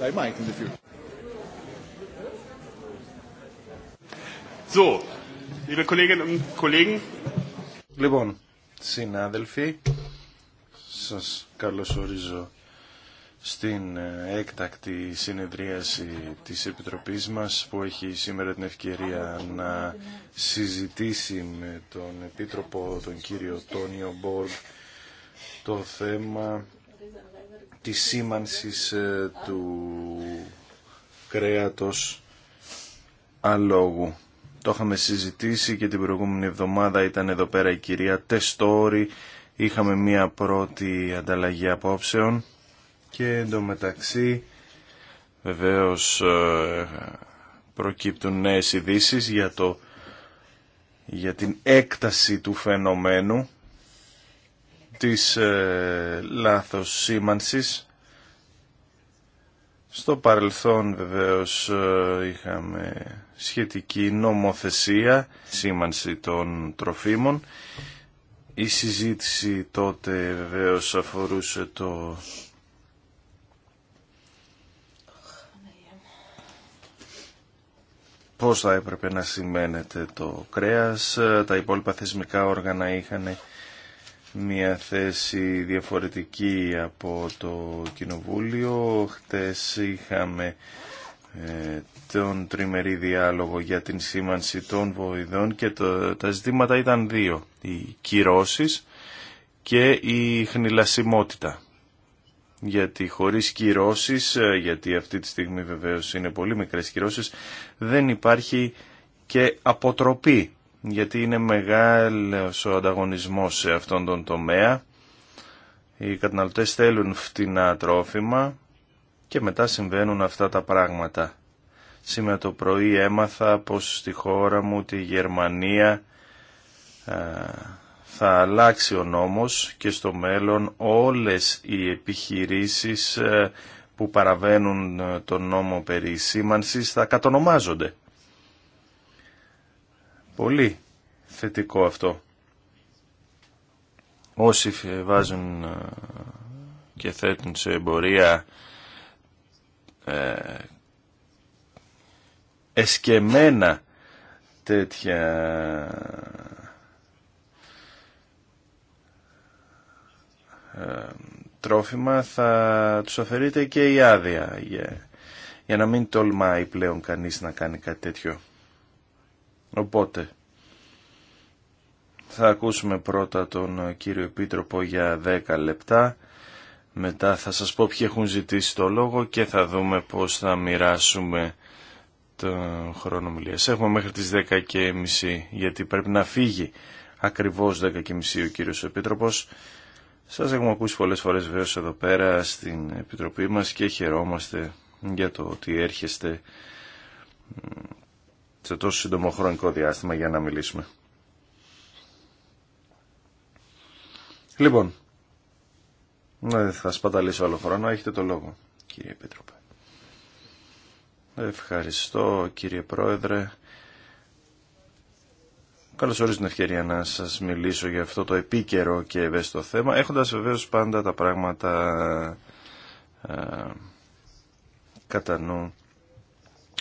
in the future. So, liebe Kolleginnen und Kollegen. Λοιπόν, συνάδελφοι, σας καλωσορίζω στην ε, έκτακτη συνεδρίαση της Επιτροπής μας που έχει σήμερα την ευκαιρία να συζητήσει με τον Επίτροπο, τον κύριο Τόνιο Μπόργκ, το θέμα της σήμανσης ε, του κρέατος αλόγου. Το είχαμε συζητήσει και την προηγούμενη εβδομάδα ήταν εδώ πέρα η κυρία Τεστόρη. Είχαμε μία πρώτη ανταλλαγή απόψεων και εντωμεταξύ βεβαίως ε, προκύπτουν νέες ειδήσει για, το, για την έκταση του φαινομένου της ε, λάθος σήμανσης. Στο παρελθόν βεβαίως ε, είχαμε σχετική νομοθεσία, σήμανση των τροφίμων. Η συζήτηση τότε βεβαίως αφορούσε το... Πώς θα έπρεπε να σημαίνεται το κρέας, τα υπόλοιπα θεσμικά όργανα είχαν μια θέση διαφορετική από το Κοινοβούλιο. Χτες είχαμε ε, τον τριμερή διάλογο για την σήμανση των βοηδών και το, τα ζητήματα ήταν δύο. Οι κυρώσεις και η χνηλασιμότητα. Γιατί χωρίς κυρώσεις, ε, γιατί αυτή τη στιγμή βεβαίως είναι πολύ μικρές κυρώσεις, δεν υπάρχει και αποτροπή γιατί είναι μεγάλος ο ανταγωνισμός σε αυτόν τον τομέα. Οι καταναλωτές θέλουν φτηνά τρόφιμα και μετά συμβαίνουν αυτά τα πράγματα. Σήμερα το πρωί έμαθα πως στη χώρα μου, τη Γερμανία, θα αλλάξει ο νόμος και στο μέλλον όλες οι επιχειρήσεις που παραβαίνουν τον νόμο περί σήμανσης θα κατονομάζονται. Πολύ θετικό αυτό. Όσοι βάζουν ε, και θέτουν σε εμπορία ε, εσκεμένα τέτοια ε, τρόφιμα θα τους αφαιρείται και η άδεια για, να μην τολμάει πλέον κανείς να κάνει κάτι τέτοιο. Οπότε θα ακούσουμε πρώτα τον κύριο Επίτροπο για 10 λεπτά. Μετά θα σας πω ποιοι έχουν ζητήσει το λόγο και θα δούμε πώς θα μοιράσουμε τον χρόνο μιλίας. Έχουμε μέχρι τις 10.30 γιατί πρέπει να φύγει ακριβώς 10.30 ο κύριος Επίτροπος. Σας έχουμε ακούσει πολλές φορές βέβαια εδώ πέρα στην Επιτροπή μας και χαιρόμαστε για το ότι έρχεστε σε τόσο σύντομο χρονικό διάστημα για να μιλήσουμε. Λοιπόν, ναι, θα σπαταλήσω άλλο χρόνο. Έχετε το λόγο, κύριε Επίτροπε. Ευχαριστώ, κύριε Πρόεδρε. Καλώς ορίζω την ευκαιρία να σας μιλήσω για αυτό το επίκαιρο και ευαίσθητο θέμα, έχοντας βεβαίως πάντα τα πράγματα α, ε, κατά νου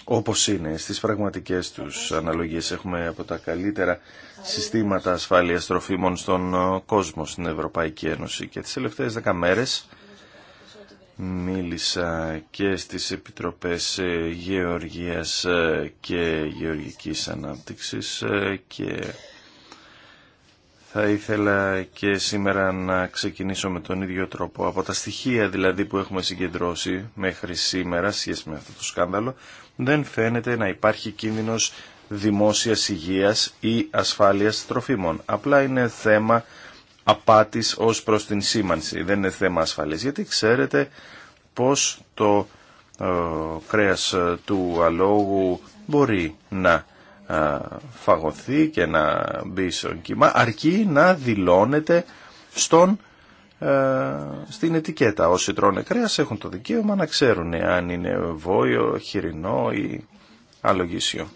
όπως είναι στις πραγματικές τους αναλογίες. Έχουμε από τα καλύτερα συστήματα ασφάλειας τροφίμων στον κόσμο, στην Ευρωπαϊκή Ένωση. Και τις τελευταίες δέκα μέρες μίλησα και στις Επιτροπές Γεωργίας και Γεωργικής Ανάπτυξης ε, και θα ήθελα και σήμερα να ξεκινήσω με τον ίδιο τρόπο. Από τα στοιχεία δηλαδή που έχουμε συγκεντρώσει μέχρι σήμερα, σχέση με αυτό το σκάνδαλο, δεν φαίνεται να υπάρχει κίνδυνος δημόσιας υγείας ή ασφάλειας τροφίμων. Απλά είναι θέμα απάτης ως προς την σήμανση. Δεν είναι θέμα ασφαλής. Γιατί ξέρετε πως το ε, κρέας ε, του αλόγου μπορεί να φαγωθεί και να μπει στο κύμα αρκεί να δηλώνεται στον, ε, στην ετικέτα. Όσοι τρώνε κρέας έχουν το δικαίωμα να ξέρουν αν είναι βόιο, χοιρινό ή αλογίσιο.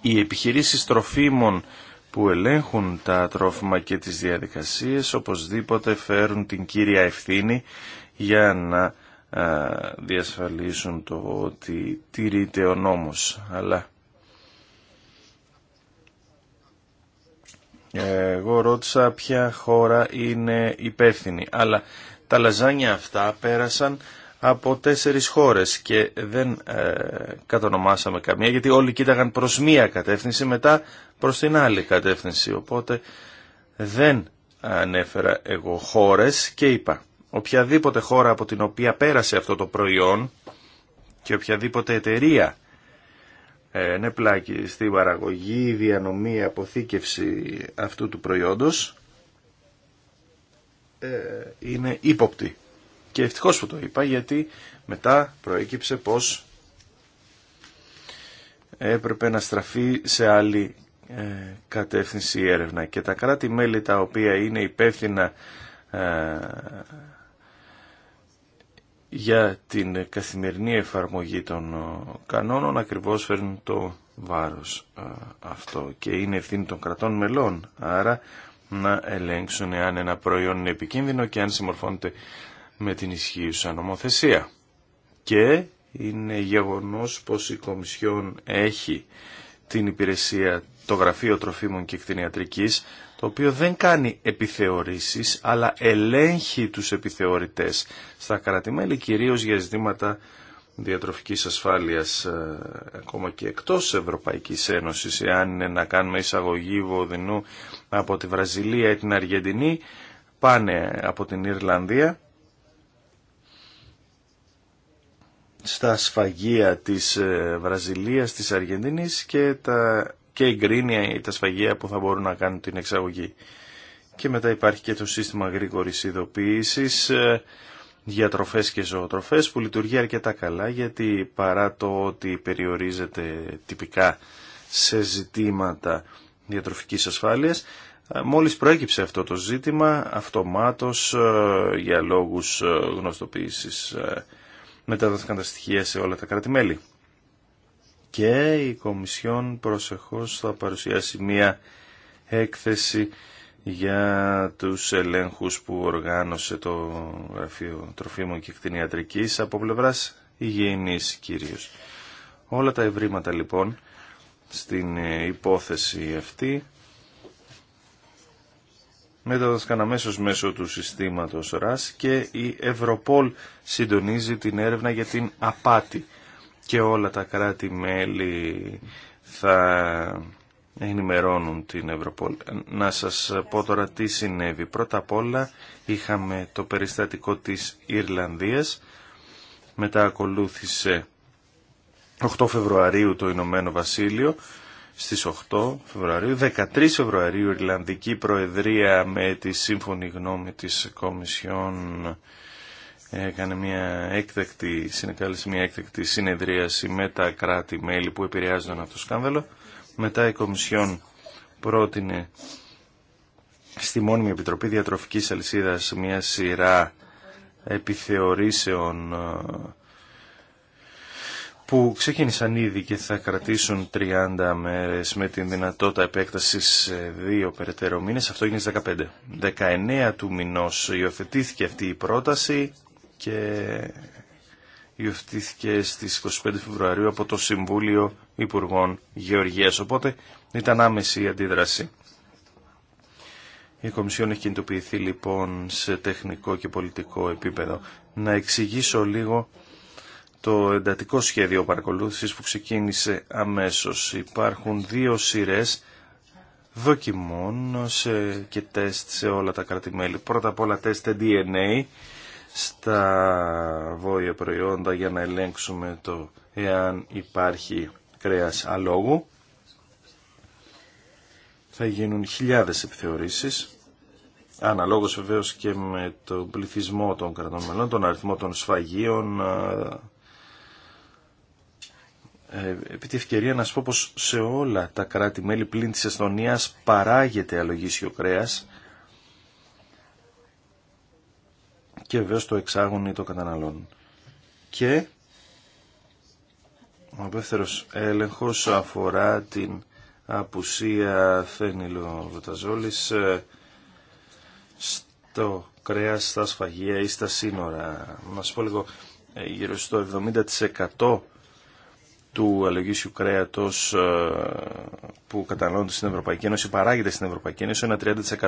Οι επιχειρήσεις τροφίμων που ελέγχουν τα τρόφιμα και τις διαδικασίες οπωσδήποτε φέρουν την κύρια ευθύνη για να ε, διασφαλίσουν το ότι τηρείται ο νόμος. Αλλά Εγώ ρώτησα ποια χώρα είναι υπεύθυνη, αλλά τα λαζάνια αυτά πέρασαν από τέσσερις χώρες και δεν ε, κατονομάσαμε καμία γιατί όλοι κοίταγαν προς μία κατεύθυνση μετά προς την άλλη κατεύθυνση. Οπότε δεν ανέφερα εγώ χώρες και είπα οποιαδήποτε χώρα από την οποία πέρασε αυτό το προϊόν και οποιαδήποτε εταιρεία ε, νεπλάκι ναι, στην παραγωγή, διανομή, αποθήκευση αυτού του προϊόντος ε, είναι ύποπτη. Και ευτυχώς που το είπα γιατί μετά προέκυψε πως έπρεπε να στραφεί σε άλλη ε, κατεύθυνση η έρευνα και τα κράτη-μέλη τα οποία είναι υπεύθυνα για την καθημερινή εφαρμογή των ε, κανόνων ακριβώς φέρνουν το βάρος ε, αυτό και είναι ευθύνη των κρατών μελών άρα να ελέγξουν αν ένα προϊόν είναι επικίνδυνο και αν συμμορφώνεται με την ισχύουσα νομοθεσία. Και είναι γεγονός πως η Κομισιόν έχει την υπηρεσία το Γραφείο Τροφίμων και Κτηνιατρικής το οποίο δεν κάνει επιθεωρήσεις, αλλά ελέγχει τους επιθεωρητές στα κρατημέλη, κυρίως για ζητήματα διατροφικής ασφάλειας ε, ακόμα και εκτός Ευρωπαϊκής Ένωσης, εάν είναι να κάνουμε εισαγωγή βοδινού από τη Βραζιλία ή την Αργεντινή, πάνε από την Ιρλανδία στα σφαγεία της ε, Βραζιλίας, της Αργεντινής και τα και ή τα σφαγεία που θα μπορούν να κάνουν την εξαγωγή. Και μετά υπάρχει και το σύστημα γρήγορη ειδοποίηση ε, για τροφές και ζωοτροφές που λειτουργεί αρκετά καλά γιατί παρά το ότι περιορίζεται τυπικά σε ζητήματα διατροφικής ασφάλειας ε, μόλις προέκυψε αυτό το ζήτημα αυτομάτως ε, για λόγους γνωστοποίησης μεταδόθηκαν τα στοιχεία σε όλα τα κράτη-μέλη και η Κομισιόν προσεχώς θα παρουσιάσει μία έκθεση για τους ελέγχους που οργάνωσε το Γραφείο Τροφίμων και Κτηνιατρικής από πλευράς υγιεινής κυρίως. Όλα τα ευρήματα λοιπόν στην υπόθεση αυτή μεταδοσκαν αμέσω μέσω του συστήματος ΡΑΣ και η Ευρωπόλ συντονίζει την έρευνα για την απάτη και όλα τα κράτη-μέλη θα ενημερώνουν την Ευρωπόλ. Να σας πω τώρα τι συνέβη. Πρώτα απ' όλα είχαμε το περιστατικό της Ιρλανδίας, μετά ακολούθησε 8 Φεβρουαρίου το Ηνωμένο Βασίλειο, στις 8 Φεβρουαρίου, 13 Φεβρουαρίου Ιρλανδική Προεδρία με τη σύμφωνη γνώμη της Κομισιόν έκανε μια έκτακτη, μια έκτακτη συνεδρίαση με τα κράτη-μέλη που επηρεάζονταν από το σκάνδαλο. Μετά η Κομισιόν πρότεινε στη μόνιμη Επιτροπή Διατροφικής Αλυσίδας μια σειρά επιθεωρήσεων ε, που ξεκίνησαν ήδη και θα κρατήσουν 30 μέρες με την δυνατότητα επέκτασης σε δύο περαιτέρω μήνες. Αυτό έγινε στις 15. 19 του μηνός υιοθετήθηκε αυτή η πρόταση και υιοθετήθηκε στις 25 Φεβρουαρίου από το Συμβούλιο Υπουργών Γεωργίας. Οπότε ήταν άμεση η αντίδραση. Η Κομισιόν έχει κινητοποιηθεί λοιπόν σε τεχνικό και πολιτικό επίπεδο. Να εξηγήσω λίγο το εντατικό σχέδιο παρακολούθησης που ξεκίνησε αμέσως. Υπάρχουν δύο σειρές δοκιμών και τεστ σε όλα τα κράτη-μέλη. Πρώτα απ' όλα τεστ DNA στα βόρεια προϊόντα για να ελέγξουμε το εάν υπάρχει κρέας αλόγου. Θα γίνουν χιλιάδες επιθεωρήσεις, αναλόγως βεβαίως και με τον πληθυσμό των κρατών μελών, τον αριθμό των σφαγίων. Ε, επί τη ευκαιρία να σας πω πως σε όλα τα κράτη-μέλη πλήν της Εστονίας παράγεται αλογίσιο κρέας και βέβαια στο εξάγωνο ή το καταναλώνουν. Και ο απεύθερος έλεγχος αφορά την απουσία φένιλοβοταζόλης ε, στο κρέας, στα σφαγεία ή στα σύνορα. Να σου πω λίγο, ε, γύρω στο 70% του αλλογήσιου κρέατος ε, που καταναλώνεται στην Ευρωπαϊκή Ένωση, παράγεται στην Ευρωπαϊκή Ένωση, ένα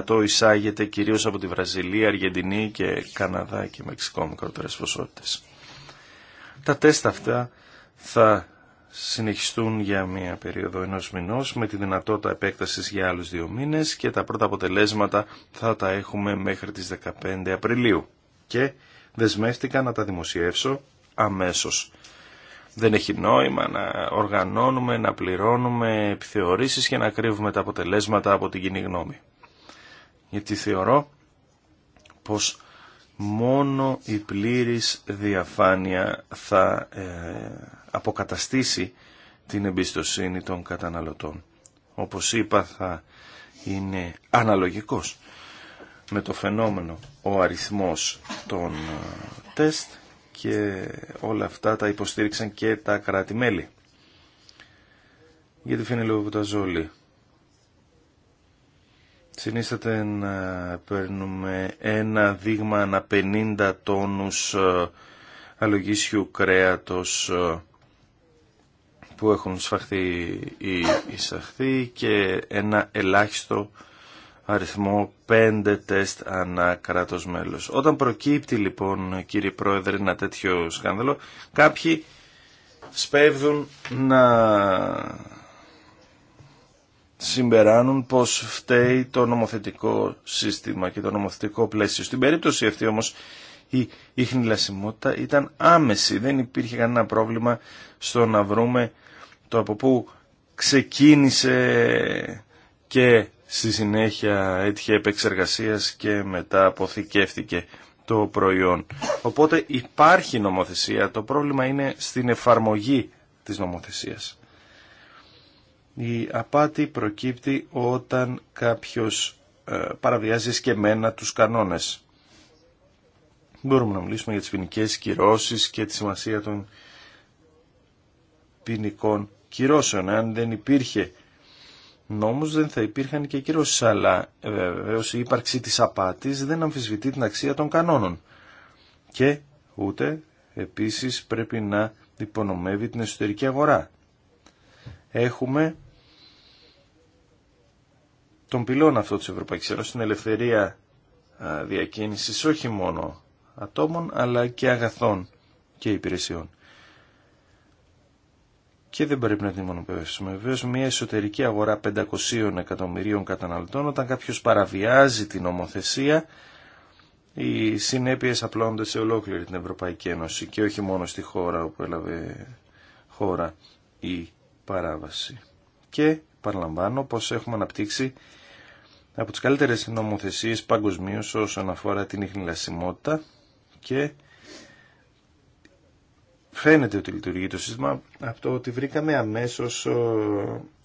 30% εισάγεται κυρίως από τη Βραζιλία, Αργεντινή και Καναδά και Μεξικό μικρότερες ποσότητες. Τα τεστ αυτά θα συνεχιστούν για μια περίοδο ενός μηνός με τη δυνατότητα επέκτασης για άλλους δύο μήνες και τα πρώτα αποτελέσματα θα τα έχουμε μέχρι τις 15 Απριλίου και δεσμεύτηκα να τα δημοσιεύσω αμέσως. Δεν έχει νόημα να οργανώνουμε, να πληρώνουμε επιθεωρήσεις και να κρύβουμε τα αποτελέσματα από την κοινή γνώμη. Γιατί θεωρώ πως μόνο η πλήρης διαφάνεια θα ε, αποκαταστήσει την εμπιστοσύνη των καταναλωτών. Όπως είπα θα είναι αναλογικός με το φαινόμενο ο αριθμός των ε, τεστ και όλα αυτά τα υποστήριξαν και τα κράτη-μέλη. Για τα φινιλοβουταζόλη. Συνίσταται να παίρνουμε ένα δείγμα ανά 50 τόνους ε, αλογίσιου κρέατος ε, που έχουν σφαχθεί ή εισαχθεί και ένα ελάχιστο αριθμό 5 τεστ ανά κράτος μέλος. Όταν προκύπτει λοιπόν κύριε Πρόεδρε ένα τέτοιο σκάνδαλο, κάποιοι σπέβδουν να συμπεράνουν πως φταίει το νομοθετικό σύστημα και το νομοθετικό πλαίσιο. Στην περίπτωση αυτή όμως η ίχνηλασιμότητα ήταν άμεση. Δεν υπήρχε κανένα πρόβλημα στο να βρούμε το από πού ξεκίνησε και Στη συνέχεια έτυχε επεξεργασίας και μετά αποθηκεύτηκε το προϊόν. Οπότε υπάρχει νομοθεσία, το πρόβλημα είναι στην εφαρμογή της νομοθεσίας. Η απάτη προκύπτει όταν κάποιος ε, παραβιάζει σκεμμένα τους κανόνες. Μπορούμε να μιλήσουμε για τις ποινικέ κυρώσεις και τη σημασία των ποινικών κυρώσεων. Αν δεν υπήρχε νόμους δεν θα υπήρχαν και κυρώσεις, αλλά ε, βεβαίω η ύπαρξη της απάτης δεν αμφισβητεί την αξία των κανόνων. Και ούτε επίσης πρέπει να υπονομεύει την εσωτερική αγορά. Έχουμε τον πυλόν αυτό της Ευρωπαϊκής Ένωσης, την ελευθερία διακίνησης όχι μόνο ατόμων αλλά και αγαθών και υπηρεσιών και δεν πρέπει να την μονοπεύσουμε. Βεβαίω, μια εσωτερική αγορά 500 εκατομμυρίων καταναλωτών, όταν κάποιο παραβιάζει την νομοθεσία, οι συνέπειε απλώνονται σε ολόκληρη την Ευρωπαϊκή Ένωση και όχι μόνο στη χώρα όπου έλαβε χώρα η παράβαση. Και παραλαμβάνω πως έχουμε αναπτύξει από τις καλύτερες νομοθεσίε παγκοσμίω όσον αφορά την ιχνηλασιμότητα και φαίνεται ότι λειτουργεί το σύστημα από το ότι βρήκαμε αμέσως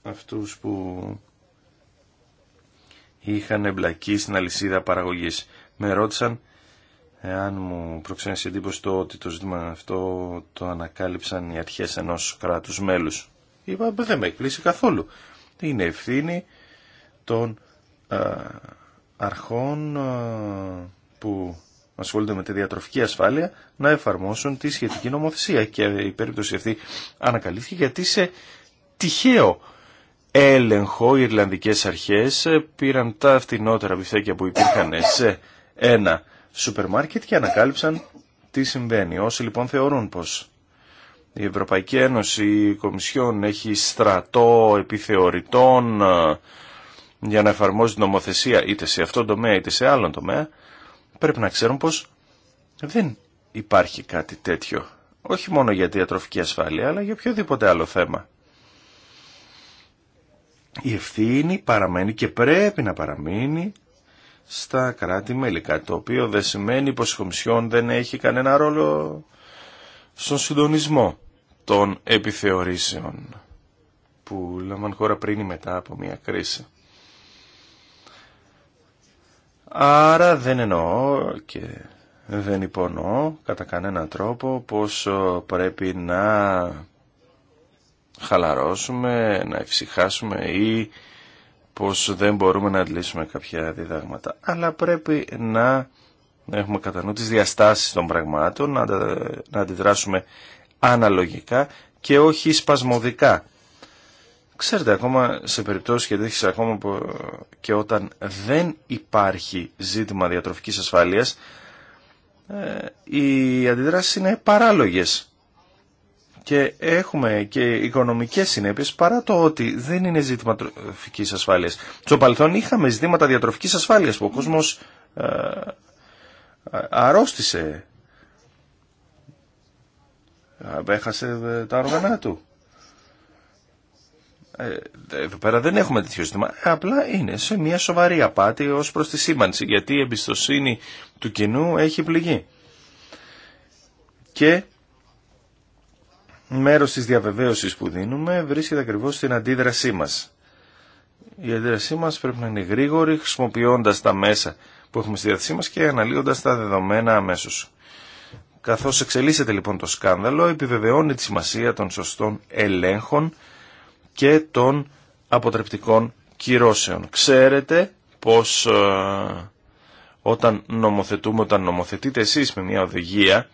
αυτούς που είχαν εμπλακεί στην αλυσίδα παραγωγής. Με ρώτησαν εάν μου προξένεσε εντύπωση το ότι το ζήτημα αυτό το ανακάλυψαν οι αρχές ενός κράτους μέλους. Είπα δεν με εκπλήσει καθόλου. Είναι ευθύνη των αρχών που ασχολούνται με τη διατροφική ασφάλεια να εφαρμόσουν τη σχετική νομοθεσία. Και η περίπτωση αυτή ανακαλύφθηκε γιατί σε τυχαίο έλεγχο οι Ιρλανδικές αρχές πήραν τα φτηνότερα βυθέκια που υπήρχαν σε ένα σούπερ μάρκετ και ανακάλυψαν τι συμβαίνει. Όσοι λοιπόν θεωρούν πως η Ευρωπαϊκή Ένωση η Κομισιόν έχει στρατό επιθεωρητών ε, για να εφαρμόζει νομοθεσία είτε σε αυτόν τομέα είτε σε άλλον τομέα πρέπει να ξέρουν πως δεν υπάρχει κάτι τέτοιο. Όχι μόνο για τη διατροφική ασφάλεια, αλλά για οποιοδήποτε άλλο θέμα. Η ευθύνη παραμένει και πρέπει να παραμείνει στα κράτη-μέλη, κάτι το οποίο δεν σημαίνει πως η Κομισιόν δεν έχει κανένα ρόλο στον συντονισμό των επιθεωρήσεων που λαμβάνουν χώρα πριν ή μετά από μια κρίση. Άρα δεν εννοώ και δεν υπονοώ κατά κανένα τρόπο πως ε, πρέπει να χαλαρώσουμε, να ευσυχάσουμε ή πως δεν μπορούμε να αντλήσουμε κάποια διδάγματα. Αλλά πρέπει να έχουμε κατά νου τις διαστάσεις των πραγμάτων, να αντιδράσουμε αναλογικά και όχι σπασμωδικά. Ξέρετε, ακόμα σε περιπτώσεις και τέτοιες ακόμα και όταν δεν υπάρχει ζήτημα διατροφικής ασφάλειας, ε, οι αντιδράσεις είναι παράλογες. Και έχουμε και οικονομικές συνέπειες παρά το ότι δεν είναι ζήτημα διατροφικής ασφάλειας. Στο παρελθόν είχαμε ζητήματα διατροφικής ασφάλειας που ο κόσμος ε, αρρώστησε, έχασε τα όργανα του. Ε, εδώ πέρα δεν έχουμε τέτοιο ζήτημα, ε, απλά είναι σε μια σοβαρή απάτη ως προς τη σήμανση, γιατί η εμπιστοσύνη του κοινού έχει πληγεί. Και μέρος της διαβεβαίωσης που δίνουμε βρίσκεται ακριβώς στην αντίδρασή μας. Η αντίδρασή μας πρέπει να είναι γρήγορη χρησιμοποιώντας τα μέσα που έχουμε στη διάθεσή μας και αναλύοντας τα δεδομένα αμέσως. Καθώς εξελίσσεται λοιπόν το σκάνδαλο, επιβεβαιώνει τη σημασία των σωστών ελέγχων και των αποτρεπτικών κυρώσεων. Ξέρετε πως ε, όταν νομοθετούμε, όταν νομοθετείτε εσείς με μια οδηγία,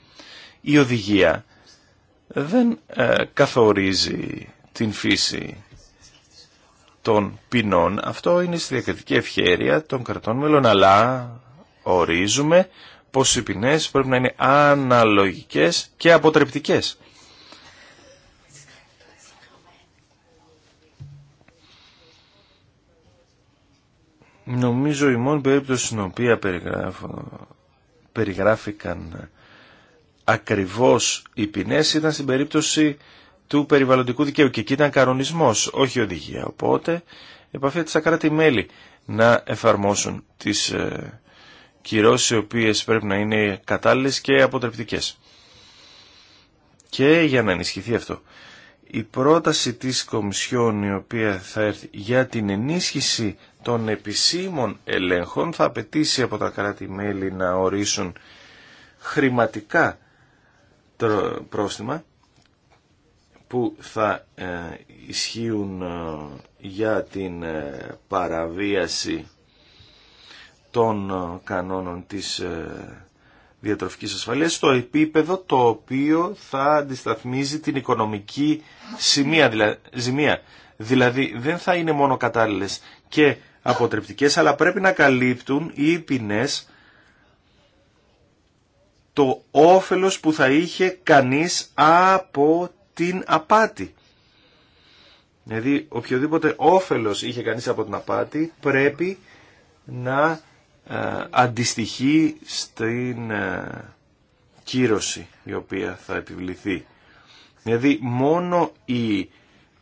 η οδηγία δεν ε, καθορίζει την φύση των ποινών. Αυτό είναι στη διακριτική ευχέρεια των κρατών μέλων, αλλά ορίζουμε πως οι ποινές πρέπει να είναι αναλογικές και αποτρεπτικές. Νομίζω η μόνη περίπτωση στην οποία περιγράφηκαν ακριβώς οι ποινές ήταν στην περίπτωση του περιβαλλοντικού δικαίου και εκεί ήταν κανονισμός, όχι οδηγία. Οπότε επαφέτησα κράτη-μέλη να εφαρμόσουν τις ε, κυρώσεις οι οποίες πρέπει να είναι κατάλληλες και αποτρεπτικές. Και για να ενισχυθεί αυτό η πρόταση της Κομισιόν η οποία θα έρθει για την ενίσχυση των επισήμων ελέγχων θα απαιτήσει από τα κράτη-μέλη να ορίσουν χρηματικά πρόστιμα που θα ε, ισχύουν ε, για την ε, παραβίαση των κανόνων της διατροφικής ασφαλείας στο επίπεδο το οποίο θα αντισταθμίζει την οικονομική ζημία. Δηλαδή δεν θα είναι μόνο κατάλληλες και αποτρεπτικές αλλά πρέπει να καλύπτουν οι ποινές το όφελος που θα είχε κανείς από την απάτη. Δηλαδή οποιοδήποτε όφελος είχε κανείς από την απάτη πρέπει να ε, αντιστοιχεί στην ε, κύρωση η οποία θα επιβληθεί. Δηλαδή μόνο η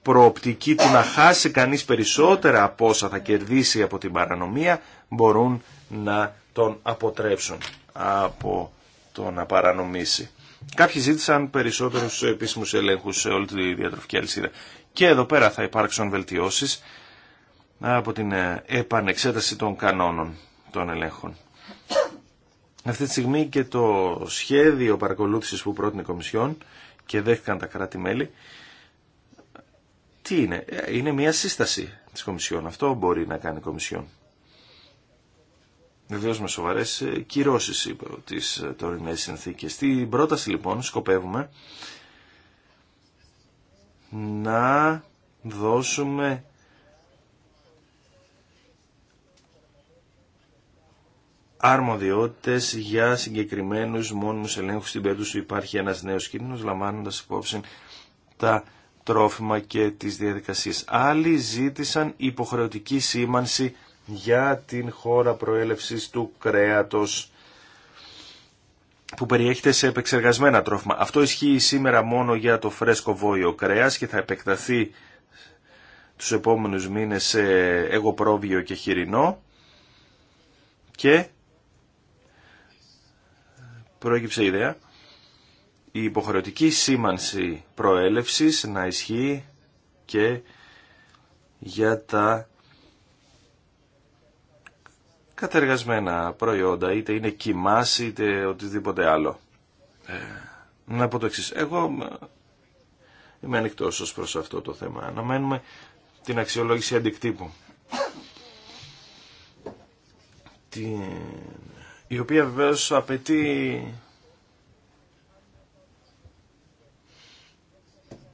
προοπτική του να χάσει κανείς περισσότερα από όσα θα κερδίσει από την παρανομία μπορούν να τον αποτρέψουν από το να παρανομήσει. Κάποιοι ζήτησαν περισσότερους επίσημους ελέγχους σε όλη τη διατροφική αλυσίδα. Και εδώ πέρα θα υπάρξουν βελτιώσεις από την ε, επανεξέταση των κανόνων των ελέγχων. Αυτή τη στιγμή και το σχέδιο παρακολούθησης που πρότεινε η Κομισιόν και δέχτηκαν τα κράτη-μέλη, τι είναι, είναι μια σύσταση της Κομισιόν. Αυτό μπορεί να κάνει η Κομισιόν. Βεβαίω με σοβαρέ ε, κυρώσει τη τι ε, τωρινέ συνθήκε. Στην πρόταση λοιπόν σκοπεύουμε να δώσουμε Αρμοδιότητε για συγκεκριμένους μόνιμους ελέγχου στην περίπτωση υπάρχει ένας νέος κίνδυνο λαμβάνοντα υπόψη τα τρόφιμα και τις διαδικασίες. Άλλοι ζήτησαν υποχρεωτική σήμανση για την χώρα προέλευσης του κρέατος που περιέχεται σε επεξεργασμένα τρόφιμα. Αυτό ισχύει σήμερα μόνο για το φρέσκο βόλιο κρέας και θα επεκταθεί τους επόμενους μήνες σε εγωπρόβιο και χοιρινό και προέκυψε η ιδέα η υποχρεωτική σήμανση προέλευσης να ισχύει και για τα κατεργασμένα προϊόντα, είτε είναι κοιμάς, είτε οτιδήποτε άλλο. Ε, να πω το εξή. Εγώ είμαι ανοιχτό ως προς αυτό το θέμα. Αναμένουμε την αξιολόγηση αντικτύπου. την η οποία βεβαίω απαιτεί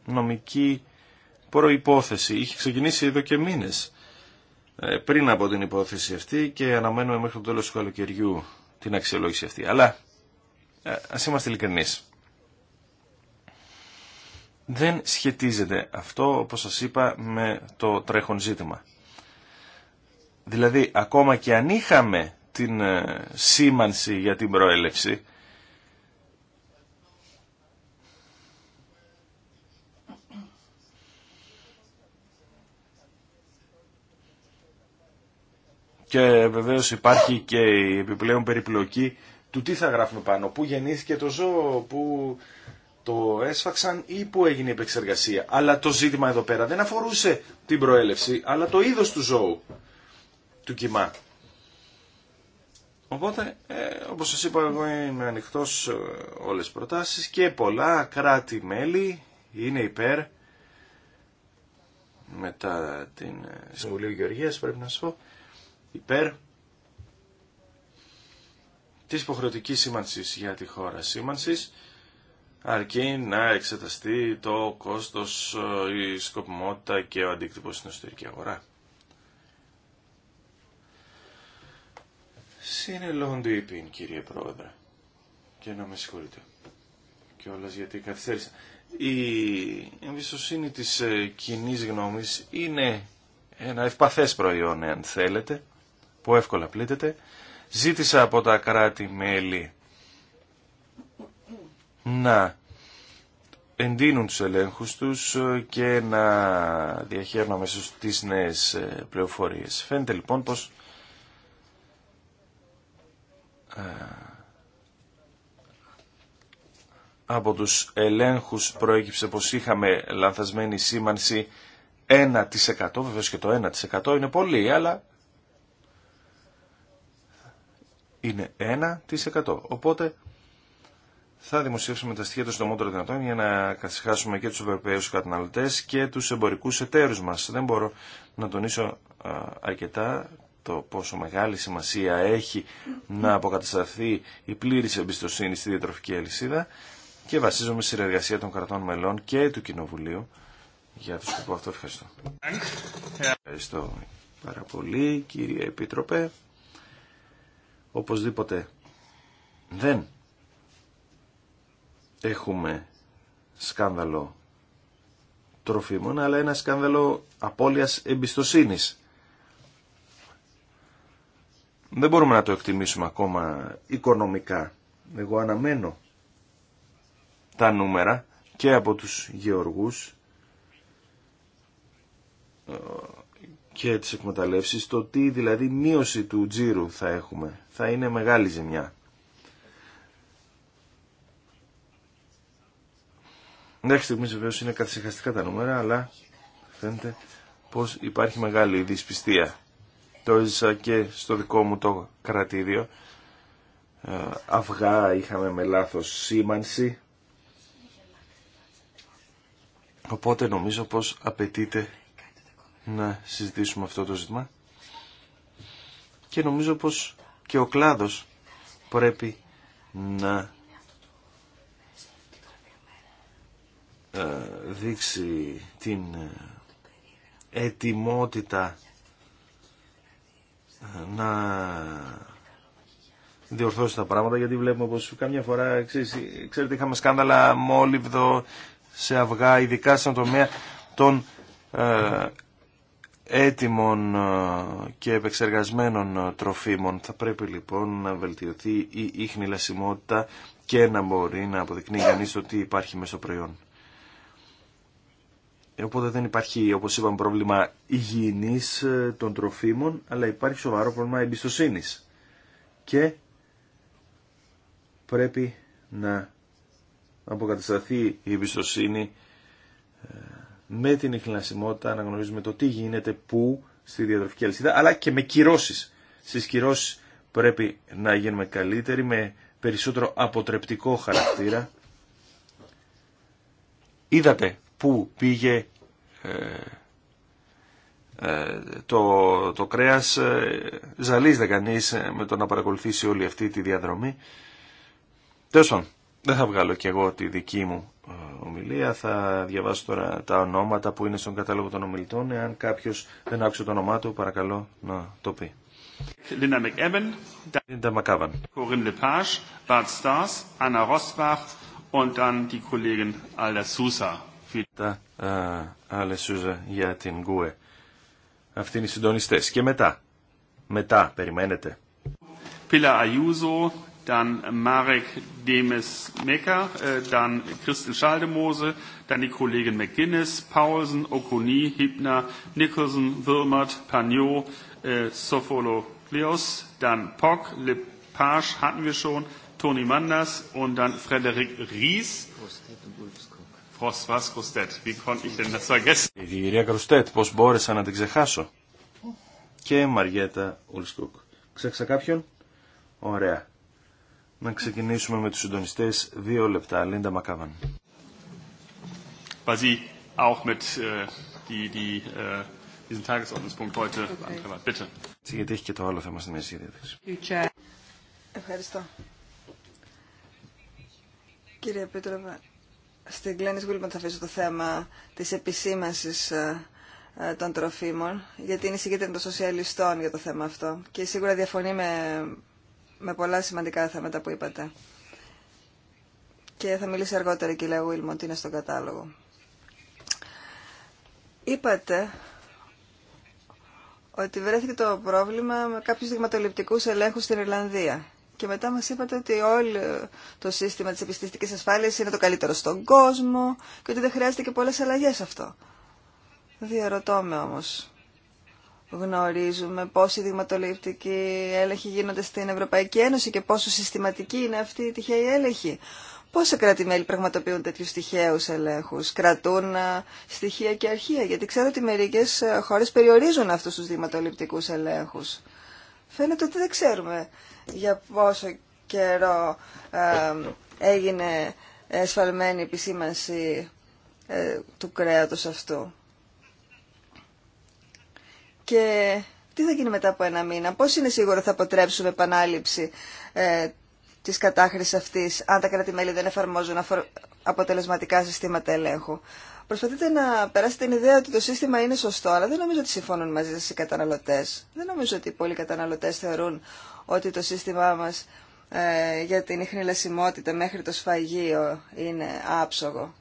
νομική προϋπόθεση. Είχε ξεκινήσει εδώ και μήνες ε, πριν από την υπόθεση αυτή και αναμένουμε μέχρι το τέλος του καλοκαιριού την αξιολόγηση αυτή. Αλλά ε, ας είμαστε ειλικρινείς. Δεν σχετίζεται αυτό, όπως σας είπα, με το τρέχον ζήτημα. Δηλαδή, ακόμα και αν είχαμε την ε, σήμανση για την προέλευση. Και βεβαίως υπάρχει και η επιπλέον περιπλοκή του τι θα γράφουμε πάνω, πού γεννήθηκε το ζώο, πού το έσφαξαν ή πού έγινε η επεξεργασία. Αλλά το ζήτημα εδώ πέρα δεν αφορούσε την προέλευση, αλλά το είδος του ζώου, του κοιμά. Οπότε, ε, όπως σας είπα, εγώ είμαι ανοιχτός όλες τις προτάσεις και πολλά κράτη-μέλη είναι υπέρ μετά την ε, Συμβουλή Γεωργίας, πρέπει να σας πω, υπέρ της υποχρεωτικής σήμανσης για τη χώρα σήμανσης, αρκεί να εξεταστεί το κόστος, ε, η σκοπιμότητα και ο αντίκτυπος στην εσωτερική αγορά. του υπήν, κύριε Πρόεδρε. Και να με συγχωρείτε. Και όλας γιατί καθυστέρησα. Η εμπιστοσύνη της ε, κοινή γνώμης είναι ένα ευπαθές προϊόν, αν θέλετε, που εύκολα πλήττεται. Ζήτησα από τα κράτη-μέλη να εντείνουν τους ελέγχους τους ε, και να διαχέρουν αμέσως τις νέες ε, πληροφορίες. Φαίνεται λοιπόν πως ε, από τους ελέγχους προέκυψε πως είχαμε λανθασμένη σήμανση 1% βεβαίως και το 1% είναι πολύ αλλά είναι 1% οπότε θα δημοσιεύσουμε τα στοιχεία των συντομότερων δυνατών για να καθισχάσουμε και τους Ευρωπαίους καταναλωτές και τους εμπορικούς εταίρους μας. Δεν μπορώ να τονίσω αρκετά το πόσο μεγάλη σημασία έχει να αποκατασταθεί η πλήρης εμπιστοσύνη στη διατροφική αλυσίδα και βασίζομαι στη συνεργασία των κρατών μελών και του Κοινοβουλίου για το σκοπό αυτό. Ευχαριστώ. Ευχαριστώ πάρα πολύ κύριε Επίτροπε. Οπωσδήποτε δεν έχουμε σκάνδαλο τροφίμων αλλά ένα σκάνδαλο απώλειας εμπιστοσύνης δεν μπορούμε να το εκτιμήσουμε ακόμα οικονομικά. Εγώ αναμένω τα νούμερα και από τους γεωργούς ε, και τις εκμεταλλεύσεις το τι δηλαδή μείωση του τζίρου θα έχουμε. Θα είναι μεγάλη ζημιά. Εντάξει στιγμής βεβαίως είναι καθυσυχαστικά τα νούμερα αλλά φαίνεται πως υπάρχει μεγάλη δυσπιστία το έζησα και στο δικό μου το κρατήδιο. Ε, αυγά είχαμε με λάθος σήμανση. Οπότε νομίζω πως απαιτείται να συζητήσουμε αυτό το ζήτημα. Και νομίζω πως και ο κλάδος πρέπει να ε, δείξει την ε, ετοιμότητα να διορθώσει τα πράγματα γιατί βλέπουμε πως καμιά φορά ξέρεις, ξέρετε είχαμε σκάνδαλα μόλιβδο σε αυγά ειδικά στον τομέα των ε, έτοιμων ε, και επεξεργασμένων ε, τροφίμων θα πρέπει λοιπόν να βελτιωθεί η ίχνη και να μπορεί να αποδεικνύει κανείς ότι τι υπάρχει μέσω στο προϊόν. Ε, οπότε δεν υπάρχει, όπως είπαμε, πρόβλημα υγιεινής ε, των τροφίμων, αλλά υπάρχει σοβαρό πρόβλημα εμπιστοσύνη. Και πρέπει να αποκατασταθεί η εμπιστοσύνη ε, με την εχνηλασιμότητα να γνωρίζουμε το τι γίνεται, πού, στη διατροφική αλυσίδα, αλλά και με κυρώσεις. Στις κυρώσεις πρέπει να γίνουμε καλύτεροι, με περισσότερο αποτρεπτικό χαρακτήρα. Είδατε πού πήγε ε, ε, το, το κρέας ε, ζαλίζεται κανείς με το να παρακολουθήσει όλη αυτή τη διαδρομή. Τέλος πάντων, δεν θα βγάλω κι εγώ τη δική μου ομιλία, θα διαβάσω τώρα τα ονόματα που είναι στον κατάλογο των ομιλητών. Εάν κάποιος δεν άκουσε το όνομά του, παρακαλώ να το πει. Λίνα Μεκέμπεν, Λίνα Μακάβαν, Κορίν Αννα και Χίτα Αλεσούζα για την Γκουε. Αυτοί είναι οι συντονιστέ. Και μετά. Μετά, περιμένετε. Πίλα Αιούζο, dann Marek Demes Mecker, dann Christel Schaldemose, dann die Kollegin McGuinness, Paulsen, Okoni, Hibner, Nicholson, Würmert, Pagnot, Sofolokleos, dann Pock, Lepage hatten wir schon, Toni Manders und dann Frederik Ries. Η πώς μπόρεσα να την ξεχάσω. Και Μαριέτα Ουλσκούκ. Ξέχασα κάποιον. Ωραία. Να ξεκινήσουμε με τους συντονιστές. Δύο λεπτά. Λίντα Μακάβαν. auch mit Γιατί έχει και το άλλο θέμα Ευχαριστώ. Κύριε Πετροβά. Στην Κλένης Γκούλμαν θα αφήσω το θέμα της επισήμανσης ε, ε, των τροφίμων, γιατί είναι συγκέντρια των σοσιαλιστών για το θέμα αυτό και σίγουρα διαφωνεί με, με πολλά σημαντικά θέματα που είπατε. Και θα μιλήσει αργότερα η κυρία Γουίλμον, ότι είναι στον κατάλογο. Είπατε ότι βρέθηκε το πρόβλημα με κάποιους δειγματοληπτικούς ελέγχους στην Ιρλανδία. Και μετά μας είπατε ότι όλο το σύστημα της επιστημιστικής ασφάλειας είναι το καλύτερο στον κόσμο και ότι δεν χρειάζεται και πολλές αλλαγές αυτό. Διαρωτώ με όμως. Γνωρίζουμε πόσοι δειγματοληπτικοί έλεγχοι γίνονται στην Ευρωπαϊκή Ένωση και πόσο συστηματική είναι αυτή η τυχαία έλεγχη. Πόσα κράτη-μέλη πραγματοποιούν τέτοιου τυχαίου ελέγχου, κρατούν ε, στοιχεία και αρχεία, γιατί ξέρω ότι μερικέ ε, χώρε περιορίζουν αυτού του δειγματοληπτικού ελέγχου. Φαίνεται ότι δεν ξέρουμε για πόσο καιρό έγινε εσφαλμένη επισήμανση ε, του κρέατος αυτού. Και τι θα γίνει μετά από ένα μήνα, πώς είναι σίγουρο θα αποτρέψουμε επανάληψη ε, της κατάχρησης αυτής αν τα κράτη-μέλη δεν εφαρμόζουν αποτελεσματικά συστήματα ελέγχου. Προσπαθείτε να περάσετε την ιδέα ότι το σύστημα είναι σωστό, αλλά δεν νομίζω ότι συμφωνούν μαζί σας οι καταναλωτές. Δεν νομίζω ότι πολλοί καταναλωτές θεωρούν ότι το σύστημά μας ε, για την ιχνηλασιμότητα μέχρι το σφαγείο είναι άψογο.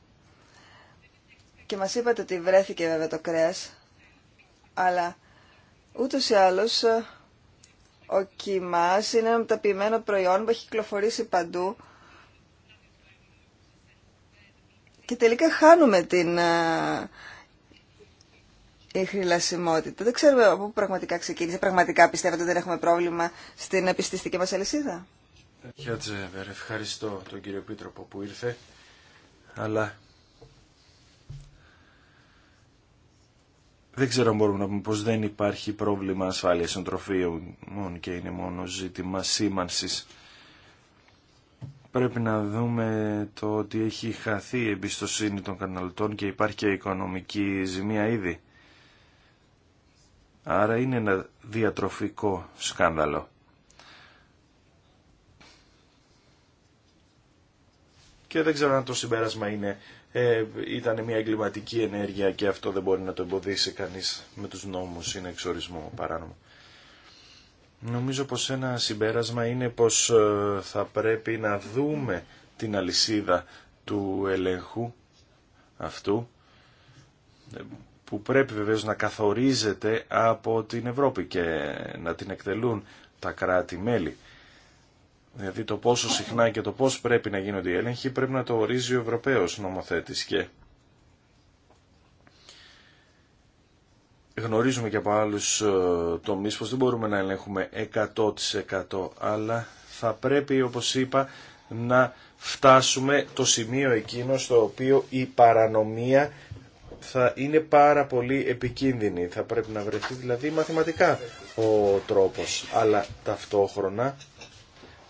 Και μας είπατε ότι βρέθηκε βέβαια το κρέας, αλλά ούτως ή άλλως ε, ο κοιμάς είναι ένα μεταποιημένο προϊόν που έχει κυκλοφορήσει παντού και τελικά χάνουμε την χρυλασιμότητα. Δεν ξέρουμε από πού πραγματικά ξεκίνησε. Πραγματικά πιστεύετε δεν έχουμε πρόβλημα στην επιστηστική μας αλυσίδα. Τζέβερ, ευχαριστώ τον κύριο Πίτροπο που ήρθε, αλλά οτι δεν εχουμε προβλημα στην επιστηστικη μας αλυσιδα ευχαριστω τον κυριο πιτροπο που ηρθε αλλα δεν ξερω αν μπορούμε να πούμε πως δεν υπάρχει πρόβλημα ασφάλειας των τροφίων και είναι μόνο ζήτημα σήμανσης πρέπει να δούμε το ότι έχει χαθεί η εμπιστοσύνη των καταναλωτών και υπάρχει και οικονομική ζημία ήδη. Άρα είναι ένα διατροφικό σκάνδαλο. Και δεν ξέρω αν το συμπέρασμα είναι ε, ήταν μια εγκληματική ενέργεια και αυτό δεν μπορεί να το εμποδίσει κανείς με τους νόμους, είναι εξορισμό παράνομο. Νομίζω πως ένα συμπέρασμα είναι πως ε, θα πρέπει να δούμε την αλυσίδα του ελέγχου αυτού ε, που πρέπει βεβαίως να καθορίζεται από την Ευρώπη και να την εκτελούν τα κράτη-μέλη. Δηλαδή το πόσο συχνά και το πώς πρέπει να γίνονται οι έλεγχοι πρέπει να το ορίζει ο Ευρωπαίος νομοθέτης και γνωρίζουμε και από άλλους ε, τομείς πως δεν μπορούμε να ελέγχουμε 100% αλλά θα πρέπει όπως είπα να φτάσουμε το σημείο εκείνο στο οποίο η παρανομία θα είναι πάρα πολύ επικίνδυνη. Θα πρέπει να βρεθεί δηλαδή μαθηματικά ο τρόπος. Αλλά ταυτόχρονα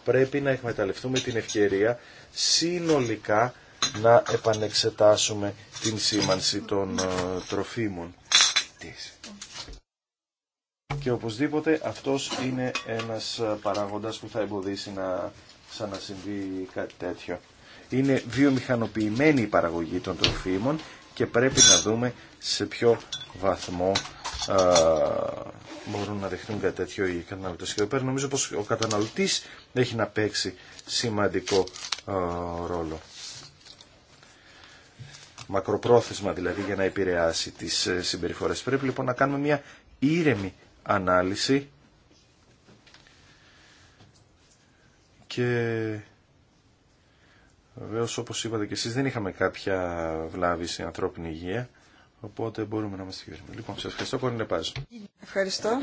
πρέπει να εκμεταλλευτούμε την ευκαιρία συνολικά να επανεξετάσουμε την σήμανση των ε, τροφίμων και οπωσδήποτε αυτός είναι ένας παράγοντας που θα εμποδίσει να ξανασυμβεί κάτι τέτοιο. Είναι βιομηχανοποιημένη η παραγωγή των τροφίμων και πρέπει να δούμε σε ποιο βαθμό α, μπορούν να δεχτούν κάτι τέτοιο οι καταναλωτές. Και νομίζω πως ο καταναλωτής έχει να παίξει σημαντικό ρόλο. Μακροπρόθεσμα δηλαδή για να επηρεάσει τις ε, συμπεριφορές. Πρέπει λοιπόν να κάνουμε μια ήρεμη ανάλυση και βεβαίω όπως είπατε και εσείς δεν είχαμε κάποια βλάβη στην ανθρώπινη υγεία οπότε μπορούμε να μας στοιχειώσουμε. Λοιπόν, σας ευχαριστώ να πάζω. Ευχαριστώ.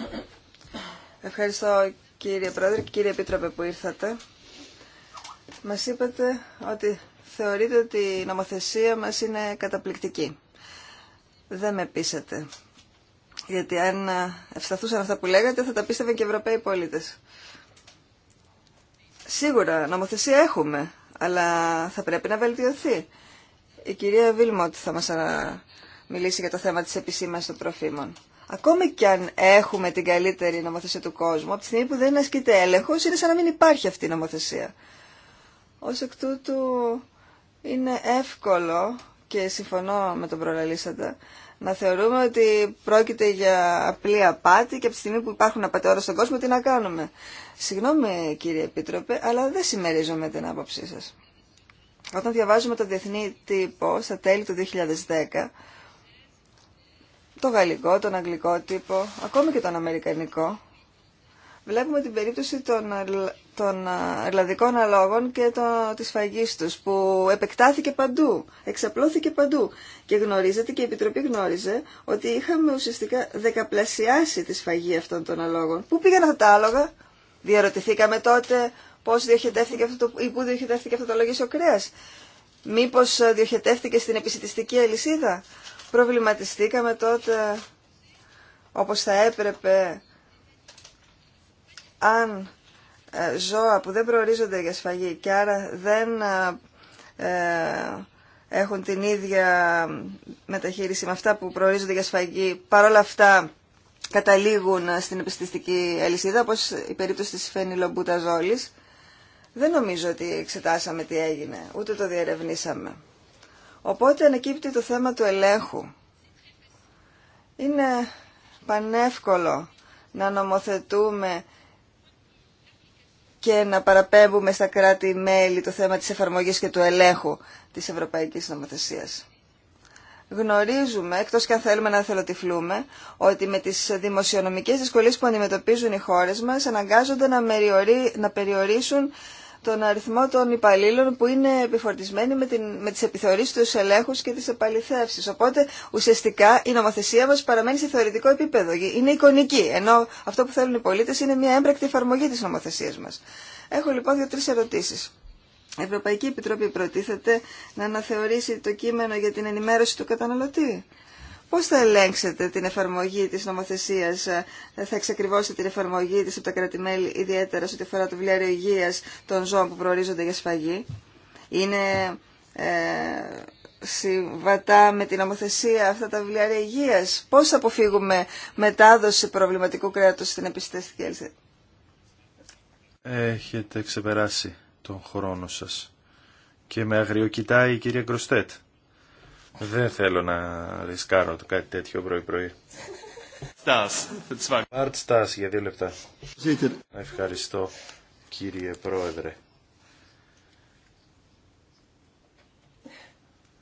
Ευχαριστώ κύριε Πρόεδρε και κύριε Επίτροπε που ήρθατε. Μας είπατε ότι θεωρείτε ότι η νομοθεσία μας είναι καταπληκτική. Δεν με πείσατε. Γιατί αν ε, ευσταθούσαν αυτά που λέγατε θα τα πίστευαν και οι Ευρωπαίοι πολίτε. Σίγουρα νομοθεσία έχουμε, αλλά θα πρέπει να βελτιωθεί. Η κυρία Βιλμότ θα μας μιλήσει για το θέμα της επισήμανσης των τροφίμων. Ακόμη κι αν έχουμε την καλύτερη νομοθεσία του κόσμου, από τη στιγμή που δεν ασκείται έλεγχο, είναι σαν να μην υπάρχει αυτή η νομοθεσία. Ω εκ τούτου είναι εύκολο και συμφωνώ με τον προλαλήσαντα να θεωρούμε ότι πρόκειται για απλή απάτη και από τη στιγμή που υπάρχουν απαταιώρες στον κόσμο τι να κάνουμε. Συγγνώμη κύριε Επίτροπε, αλλά δεν συμμερίζομαι την άποψή σας. Όταν διαβάζουμε το διεθνή τύπο στα τέλη του 2010, το γαλλικό, τον αγγλικό τύπο, ακόμη και τον αμερικανικό, Βλέπουμε την περίπτωση των, των ελλαδικών αλόγων και το, της φαγής τους που επεκτάθηκε παντού, εξαπλώθηκε παντού. Και γνωρίζετε και η Επιτροπή γνώριζε ότι είχαμε ουσιαστικά δεκαπλασιάσει τη σφαγή αυτών των αλόγων. Πού πήγαν αυτά τα άλογα, διαρωτηθήκαμε τότε πώς διοχετεύθηκε αυτό το, ή πού διοχετεύθηκε αυτό το κρέας. Μήπως διοχετεύτηκε στην επισητιστική αλυσίδα. Προβληματιστήκαμε τότε όπως θα έπρεπε αν ε, ζώα που δεν προορίζονται για σφαγή και άρα δεν ε, ε, έχουν την ίδια μεταχείριση με αυτά που προορίζονται για σφαγή, παρόλα αυτά καταλήγουν στην επιστηστική αλυσίδα, όπως η περίπτωση της φαινιλομπουταζόλης δεν νομίζω ότι εξετάσαμε τι έγινε, ούτε το διερευνήσαμε. Οπότε ανακύπτει το θέμα του ελέγχου. Είναι πανεύκολο να νομοθετούμε και να παραπέμπουμε στα κράτη-μέλη το θέμα της εφαρμογής και του ελέγχου της Ευρωπαϊκής Νομοθεσίας. Γνωρίζουμε, εκτός και αν θέλουμε να θελοτυφλούμε, ότι με τις δημοσιονομικές δυσκολίες που αντιμετωπίζουν οι χώρες μας αναγκάζονται να, περιορίσουν τον αριθμό των υπαλλήλων που είναι επιφορτισμένοι με, την, με τις επιθεωρήσεις, του ελέγχους και τις επαληθεύσεις. Οπότε ουσιαστικά η νομοθεσία μας παραμένει σε θεωρητικό επίπεδο. Είναι εικονική, ενώ αυτό που θέλουν οι πολίτες είναι μια έμπρακτη εφαρμογή της νομοθεσίας μας. Έχω λοιπόν δύο-τρεις ερωτήσεις. Η Ευρωπαϊκή Επιτροπή προτίθεται να αναθεωρήσει το κείμενο για την ενημέρωση του καταναλωτή. Πώς θα ελέγξετε την εφαρμογή της νομοθεσίας, ε, θα εξακριβώσετε την εφαρμογή της από τα κρατημέλη, ιδιαίτερα σε ό,τι αφορά το βιβλιάριο υγείας των ζώων που προορίζονται για σφαγή. Είναι ε, συμβατά με την νομοθεσία αυτά τα βιβλιάρια υγείας. Πώς θα αποφύγουμε μετάδοση προβληματικού κρέατος στην επιστημιστική έλυση. Έχετε ξεπεράσει τον χρόνο σας. Και με αγριοκοιτάει η κυρία Γκροστέτ. Δεν θέλω να ρισκάρω το κάτι τέτοιο πρωί-πρωί. Αρτ Στάς για δύο λεπτά. Ευχαριστώ κύριε Πρόεδρε.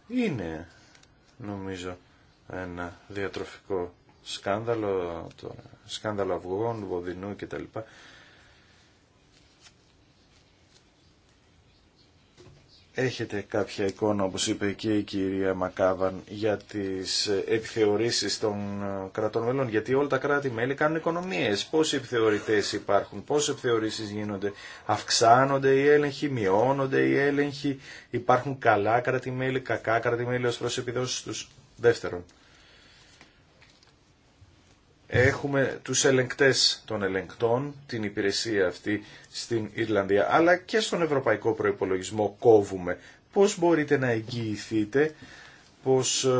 Είναι νομίζω ένα διατροφικό σκάνδαλο, το σκάνδαλο αυγών, βοδινού κτλ. Έχετε κάποια εικόνα, όπως είπε και η κυρία Μακάβαν, για τις επιθεωρήσεις των ε, κρατών μελών, γιατί όλα τα κράτη-μέλη κάνουν οικονομίες. Πόσοι επιθεωρητές υπάρχουν, πόσες επιθεωρήσεις γίνονται, αυξάνονται οι έλεγχοι, μειώνονται οι έλεγχοι, υπάρχουν καλά κράτη-μέλη, κακά κράτη-μέλη ως προς επιδόσεις τους. Δεύτερον, έχουμε τους ελεγκτές των ελεγκτών, την υπηρεσία αυτή στην Ιρλανδία, αλλά και στον ευρωπαϊκό προϋπολογισμό κόβουμε. Πώς μπορείτε να εγγυηθείτε πως ε,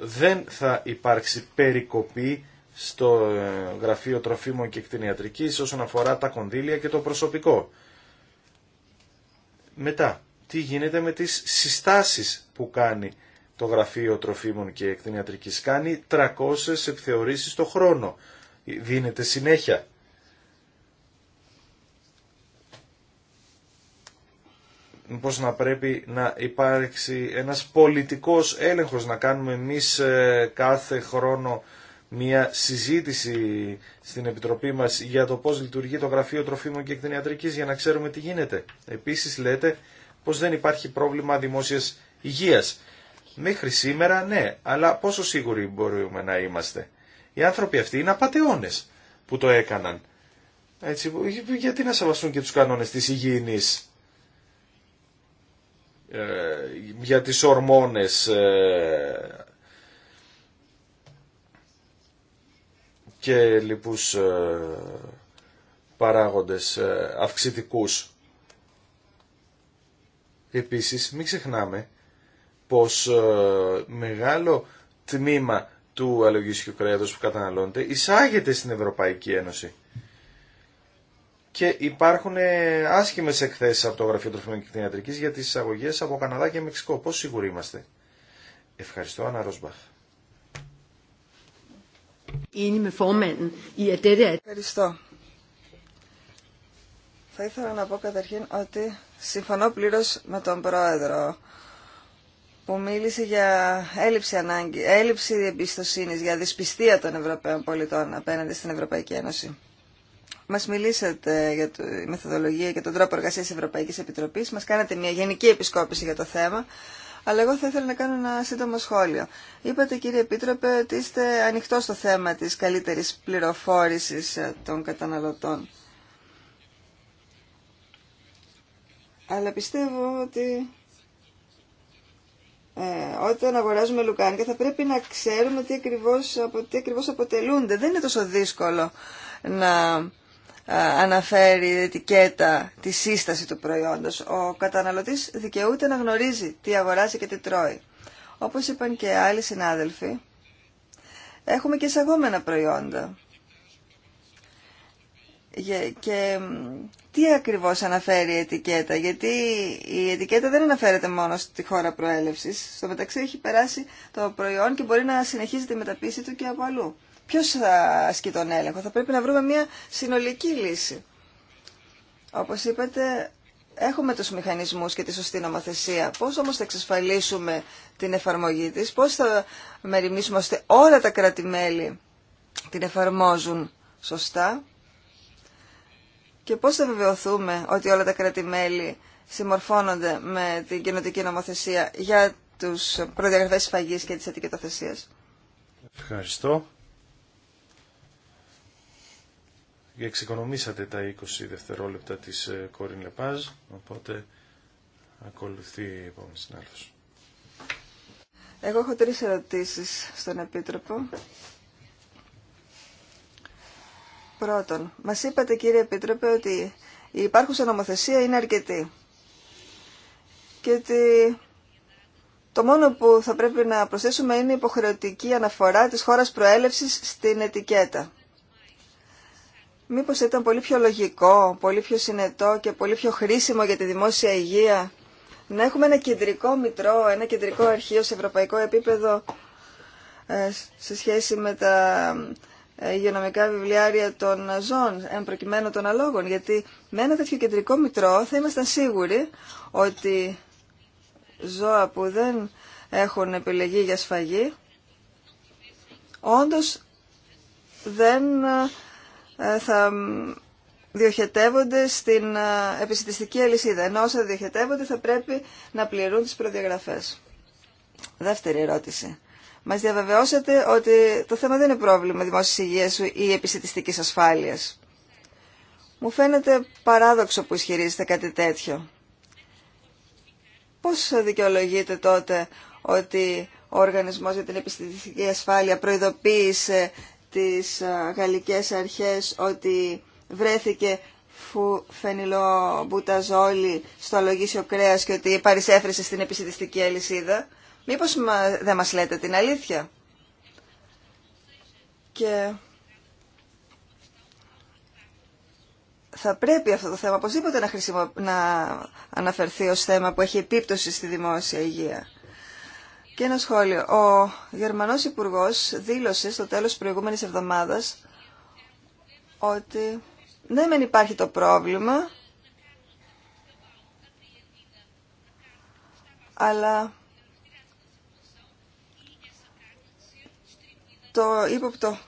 δεν θα υπάρξει περικοπή στο ε, Γραφείο Τροφίμων και Κτηνιατρικής όσον αφορά τα κονδύλια και το προσωπικό. Μετά, τι γίνεται με τις συστάσεις που κάνει το Γραφείο Τροφίμων και Εκτινιατρικής κάνει 300 επιθεωρήσεις το χρόνο. Δίνεται συνέχεια. Μήπως να πρέπει να υπάρξει ένας πολιτικός έλεγχος, να κάνουμε εμείς ε, κάθε χρόνο μια συζήτηση στην Επιτροπή μας για το πώς λειτουργεί το Γραφείο Τροφίμων και Εκτινιατρικής για να ξέρουμε τι γίνεται. Επίσης λέτε πως δεν υπάρχει πρόβλημα δημόσιας υγείας. Μέχρι σήμερα ναι, αλλά πόσο σίγουροι μπορούμε να είμαστε. Οι άνθρωποι αυτοί είναι απαταιώνες που το έκαναν. Έτσι, γιατί να σεβαστούν και τους κανόνες της υγιεινής, ε, για τις ορμόνες ε, και λοιπούς ε, παράγοντες ε, αυξητικούς. Επίσης, μην ξεχνάμε πως ε, μεγάλο τμήμα του αλογίσιου κρέατος που καταναλώνεται εισάγεται στην Ευρωπαϊκή Ένωση. Και υπάρχουν ε, άσχημε εκθέσει από το Γραφείο Τροφιμών και Κτηνιατρικής για τι εισαγωγέ από Καναδά και Μεξικό. Πώς σίγουροι είμαστε. Ευχαριστώ, Άννα Ροσμπαχ. Er- Ευχαριστώ. Θα ήθελα να πω καταρχήν ότι συμφωνώ πλήρω με τον Πρόεδρο που μίλησε για έλλειψη, ανάγκη, έλλειψη εμπιστοσύνης, για δυσπιστία των Ευρωπαίων πολιτών απέναντι στην Ευρωπαϊκή Ένωση. Μας μιλήσατε για τη μεθοδολογία και τον τρόπο εργασίας της Ευρωπαϊκής Επιτροπής, μας κάνατε μια γενική επισκόπηση για το θέμα, αλλά εγώ θα ήθελα να κάνω ένα σύντομο σχόλιο. Είπατε κύριε Επίτροπε ότι είστε ανοιχτό στο θέμα της καλύτερης πληροφόρησης των καταναλωτών. Αλλά πιστεύω ότι ε, όταν αγοράζουμε λουκάνικα θα πρέπει να ξέρουμε τι ακριβώς, από, τι ακριβώς αποτελούνται. Δεν είναι τόσο δύσκολο να ε, αναφέρει η ετικέτα τη σύσταση του προϊόντος. Ο καταναλωτής δικαιούται να γνωρίζει τι αγοράζει και τι τρώει. Όπως είπαν και άλλοι συνάδελφοι, έχουμε και εισαγόμενα προϊόντα και τι ακριβώς αναφέρει η ετικέτα, γιατί η ετικέτα δεν αναφέρεται μόνο στη χώρα προέλευσης. Στο μεταξύ έχει περάσει το προϊόν και μπορεί να συνεχίζει τη μεταπίση του και από αλλού. Ποιος θα ασκεί τον έλεγχο, θα πρέπει να βρούμε μια συνολική λύση. Όπως είπατε, έχουμε τους μηχανισμούς και τη σωστή νομοθεσία. Πώς όμως θα εξασφαλίσουμε την εφαρμογή της, πώς θα μεριμνήσουμε ώστε όλα τα κρατη την εφαρμόζουν σωστά και πώς θα βεβαιωθούμε ότι όλα τα κράτη-μέλη συμμορφώνονται με την κοινωτική νομοθεσία για τους προδιαγραφές σφαγής και της ετικετοθεσίας. Ευχαριστώ. Εξοικονομήσατε τα 20 δευτερόλεπτα της Κόριν ε, Λεπάζ, οπότε ακολουθεί η επόμενη συνάδελφος. Εγώ έχω τρεις ερωτήσεις στον Επίτροπο. Πρώτον, μας είπατε κύριε Επίτροπε ότι η υπάρχουσα νομοθεσία είναι αρκετή και ότι το μόνο που θα πρέπει να προσθέσουμε είναι η υποχρεωτική αναφορά της χώρας προέλευσης στην ετικέτα. Μήπως ήταν πολύ πιο λογικό, πολύ πιο συνετό και πολύ πιο χρήσιμο για τη δημόσια υγεία να έχουμε ένα κεντρικό μητρό, ένα κεντρικό αρχείο σε ευρωπαϊκό επίπεδο ε, σε σχέση με τα ε, υγειονομικά βιβλιάρια των ζώων, εν προκειμένου των αλόγων. Γιατί με ένα τέτοιο κεντρικό μητρό θα ήμασταν σίγουροι ότι ζώα που δεν έχουν επιλεγεί για σφαγή, όντως δεν ε, θα διοχετεύονται στην ε, επιστημιστική αλυσίδα, ενώ όσα διοχετεύονται θα πρέπει να πληρούν τις προδιαγραφές. Δεύτερη ερώτηση. Μας διαβεβαιώσατε ότι το θέμα δεν είναι πρόβλημα δημόσιας υγείας ή επιστημιστική ασφάλειας. Μου φαίνεται παράδοξο που ισχυρίζετε κάτι τέτοιο. Πώς δικαιολογείτε τότε ότι ο Οργανισμός για την Επιστημιστική Ασφάλεια προειδοποίησε τις γαλλικές αρχές ότι βρέθηκε φενιλό στο αλογίσιο κρέα και ότι παρισέφρεσε στην επιστημιστική αλυσίδα. Μήπως δεν μας λέτε την αλήθεια. Και θα πρέπει αυτό το θέμα οπωσδήποτε να, χρησιμο... να αναφερθεί ως θέμα που έχει επίπτωση στη δημόσια υγεία. Και ένα σχόλιο. Ο Γερμανός Υπουργός δήλωσε στο τέλος της προηγούμενης εβδομάδας ότι ναι μεν υπάρχει το πρόβλημα, αλλά το ύποπτο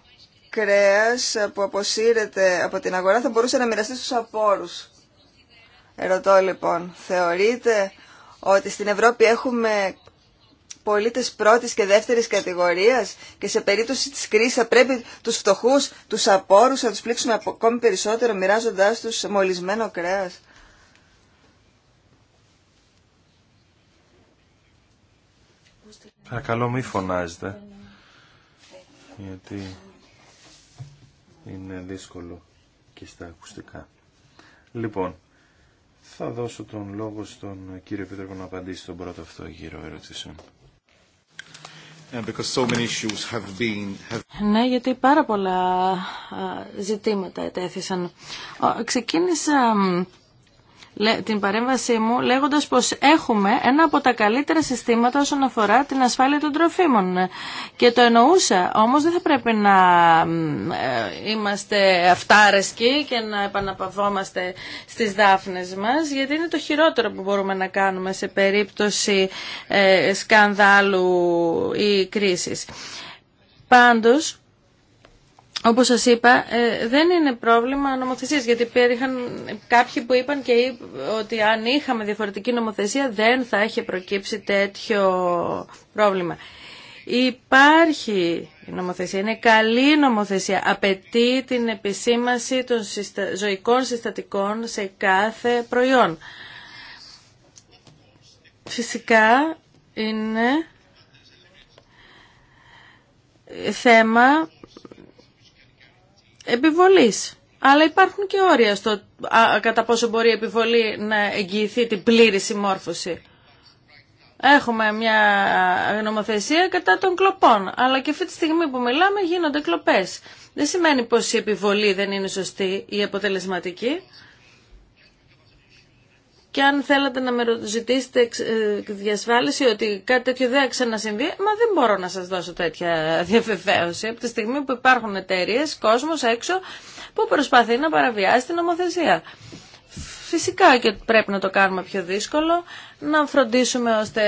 κρέας που αποσύρεται από την αγορά θα μπορούσε να μοιραστεί στους απόρους. Ερωτώ λοιπόν, θεωρείτε ότι στην Ευρώπη έχουμε πολίτες πρώτης και δεύτερης κατηγορίας και σε περίπτωση της κρίσης θα πρέπει τους φτωχούς, τους απόρους να τους πλήξουμε ακόμη περισσότερο μοιράζοντάς τους μολυσμένο κρέας. Παρακαλώ μη φωνάζετε γιατί είναι δύσκολο και στα ακουστικά. Λοιπόν, θα δώσω τον λόγο στον κύριο Πίτροπο να απαντήσει στον πρώτο αυτό γύρο ερωτήσεων. So been, have... Ναι, γιατί πάρα πολλά ζητήματα ετέθησαν. Ξεκίνησα την παρέμβασή μου λέγοντας πως έχουμε ένα από τα καλύτερα συστήματα όσον αφορά την ασφάλεια των τροφίμων. Και το εννοούσα, όμως δεν θα πρέπει να ε, είμαστε αυτάρεσκοι και να επαναπαυόμαστε στις δάφνες μας, γιατί είναι το χειρότερο που μπορούμε να κάνουμε σε περίπτωση ε, σκανδάλου ή κρίσης. Πάντως, όπως σας είπα, ε, δεν είναι πρόβλημα νομοθεσίας, γιατί υπήρχαν κάποιοι που είπαν και ότι αν είχαμε διαφορετική νομοθεσία δεν θα είχε προκύψει τέτοιο πρόβλημα. Υπάρχει η νομοθεσία, είναι καλή νομοθεσία, απαιτεί την επισήμαση των ζωικών συστατικών σε κάθε προϊόν. Φυσικά είναι θέμα επιβολής. Αλλά υπάρχουν και όρια στο κατά πόσο μπορεί η επιβολή να εγγυηθεί την πλήρη συμμόρφωση. Έχουμε μια νομοθεσία κατά των κλοπών, αλλά και αυτή τη στιγμή που μιλάμε γίνονται κλοπές. Δεν σημαίνει πως η επιβολή δεν είναι σωστή ή αποτελεσματική. Και αν θέλατε να με ζητήσετε ε, διασφάλιση ότι κάτι τέτοιο δεν ξανασυμβεί, μα δεν μπορώ να σας δώσω τέτοια διαβεβαίωση. Από τη στιγμή που υπάρχουν εταιρείε, κόσμος έξω που προσπαθεί να παραβιάσει την νομοθεσία. Φυσικά και πρέπει να το κάνουμε πιο δύσκολο, να φροντίσουμε ώστε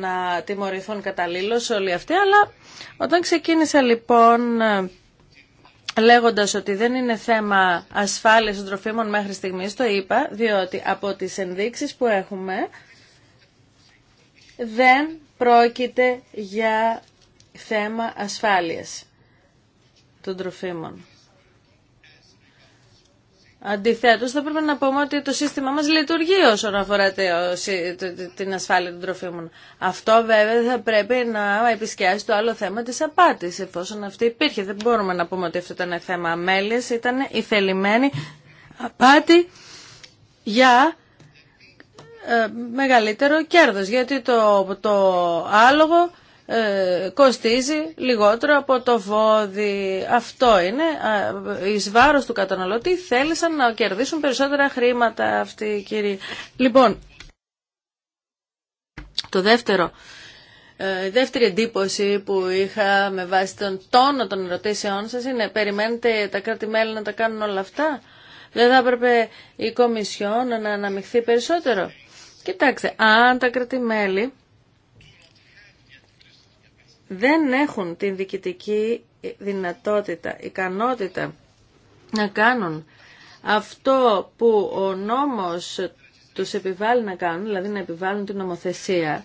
να τιμωρηθούν καταλήλως όλοι αυτοί, αλλά όταν ξεκίνησα λοιπόν λέγοντας ότι δεν είναι θέμα ασφάλειας των τροφίμων μέχρι στιγμής, το είπα, διότι από τις ενδείξεις που έχουμε δεν πρόκειται για θέμα ασφάλειας των τροφίμων. Αντιθέτω, θα πρέπει να πούμε ότι το σύστημά μα λειτουργεί όσον αφορά την ασφάλεια των τροφίμων. Αυτό βέβαια θα πρέπει να επισκιάσει το άλλο θέμα τη απάτη, εφόσον αυτή υπήρχε. Δεν μπορούμε να πούμε ότι αυτό ήταν θέμα αμέλεια. Ήταν η θελημένη απάτη για ε, μεγαλύτερο κέρδος, γιατί το, το άλογο ε, κοστίζει λιγότερο από το βόδι. Αυτό είναι εις βάρος του καταναλωτή. Θέλησαν να κερδίσουν περισσότερα χρήματα αυτοί οι κύριοι. Λοιπόν, το δεύτερο, ε, η δεύτερη εντύπωση που είχα με βάση τον τόνο των ερωτήσεών σας είναι περιμένετε τα κράτη-μέλη να τα κάνουν όλα αυτά. Δεν θα έπρεπε η Κομισιόν να αναμειχθεί περισσότερο. Κοιτάξτε, αν τα κράτη-μέλη δεν έχουν την διοικητική δυνατότητα, ικανότητα να κάνουν αυτό που ο νόμος τους επιβάλλει να κάνουν, δηλαδή να επιβάλλουν την νομοθεσία,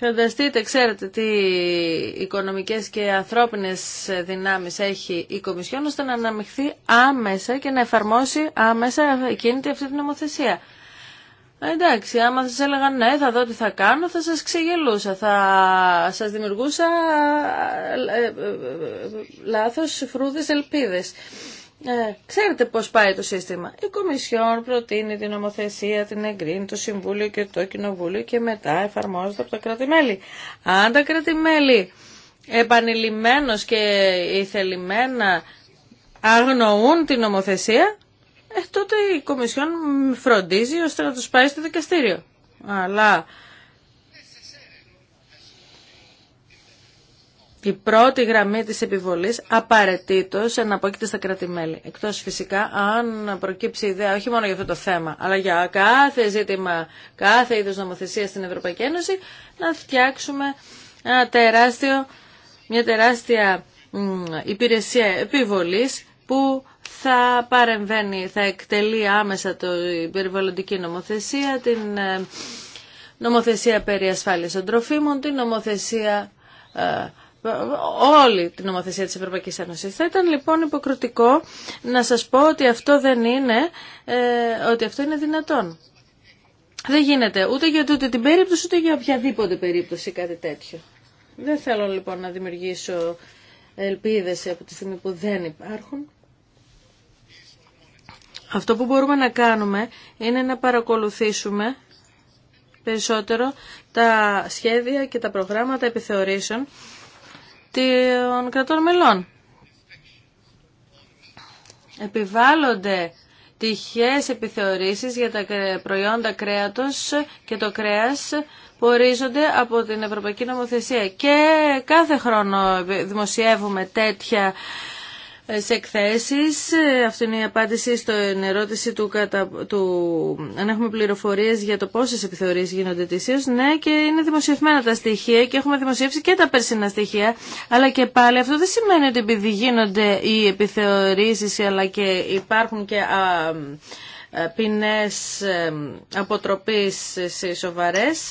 Φανταστείτε, ξέρετε τι οικονομικές και ανθρώπινες δυνάμεις έχει η Κομισιόν ώστε να αναμειχθεί άμεσα και να εφαρμόσει άμεσα εκείνη αυτή την νομοθεσία. Εντάξει, άμα σας έλεγαν ναι, θα δω τι θα κάνω, θα σας ξεγελούσα, θα σας δημιουργούσα ε, ε, ε, λάθος φρούδες ελπίδες. Ε, ξέρετε πώς πάει το σύστημα. Η Κομισιόν προτείνει την νομοθεσία, την εγκρίνει το Συμβούλιο και το Κοινοβούλιο και μετά εφαρμόζεται από τα κράτη-μέλη. Αν τα κράτη-μέλη επανειλημμένως και ηθελημένα αγνοούν την νομοθεσία, ε, τότε η Κομισιόν φροντίζει ώστε να τους πάει στο δικαστήριο. Αλλά η πρώτη γραμμή της επιβολής απαραίτητος εναπόκειται στα κράτη-μέλη. Εκτός φυσικά αν προκύψει ιδέα όχι μόνο για αυτό το θέμα, αλλά για κάθε ζήτημα, κάθε είδους νομοθεσία στην Ευρωπαϊκή Ένωση, να φτιάξουμε ένα μια τεράστια υπηρεσία επιβολής που θα παρεμβαίνει, θα εκτελεί άμεσα την περιβαλλοντική νομοθεσία, την ε, νομοθεσία περί ασφάλειας των τροφίμων, την νομοθεσία ε, όλη την νομοθεσία της Ευρωπαϊκής Ένωσης. Θα ήταν λοιπόν υποκριτικό να σας πω ότι αυτό δεν είναι, ε, ότι αυτό είναι δυνατόν. Δεν γίνεται ούτε για τούτη την περίπτωση, ούτε για οποιαδήποτε περίπτωση κάτι τέτοιο. Δεν θέλω λοιπόν να δημιουργήσω ελπίδες από τη στιγμή που δεν υπάρχουν. Αυτό που μπορούμε να κάνουμε είναι να παρακολουθήσουμε περισσότερο τα σχέδια και τα προγράμματα επιθεωρήσεων των κρατών μελών. Επιβάλλονται τυχές επιθεωρήσεις για τα προϊόντα κρέατος και το κρέας που ορίζονται από την Ευρωπαϊκή Νομοθεσία. Και κάθε χρόνο δημοσιεύουμε τέτοια σε εκθέσεις. Ε, Αυτή είναι η απάντηση στην ερώτηση του, κατα... του αν έχουμε πληροφορίες για το πόσες επιθεωρήσεις γίνονται ετησίως. Ναι και είναι δημοσιευμένα τα στοιχεία και έχουμε δημοσιεύσει και τα περσινά στοιχεία. Αλλά και πάλι αυτό δεν σημαίνει ότι επειδή γίνονται οι επιθεωρήσεις αλλά και υπάρχουν και... Ε, ποινές ε, αποτροπής ε, σε σοβαρές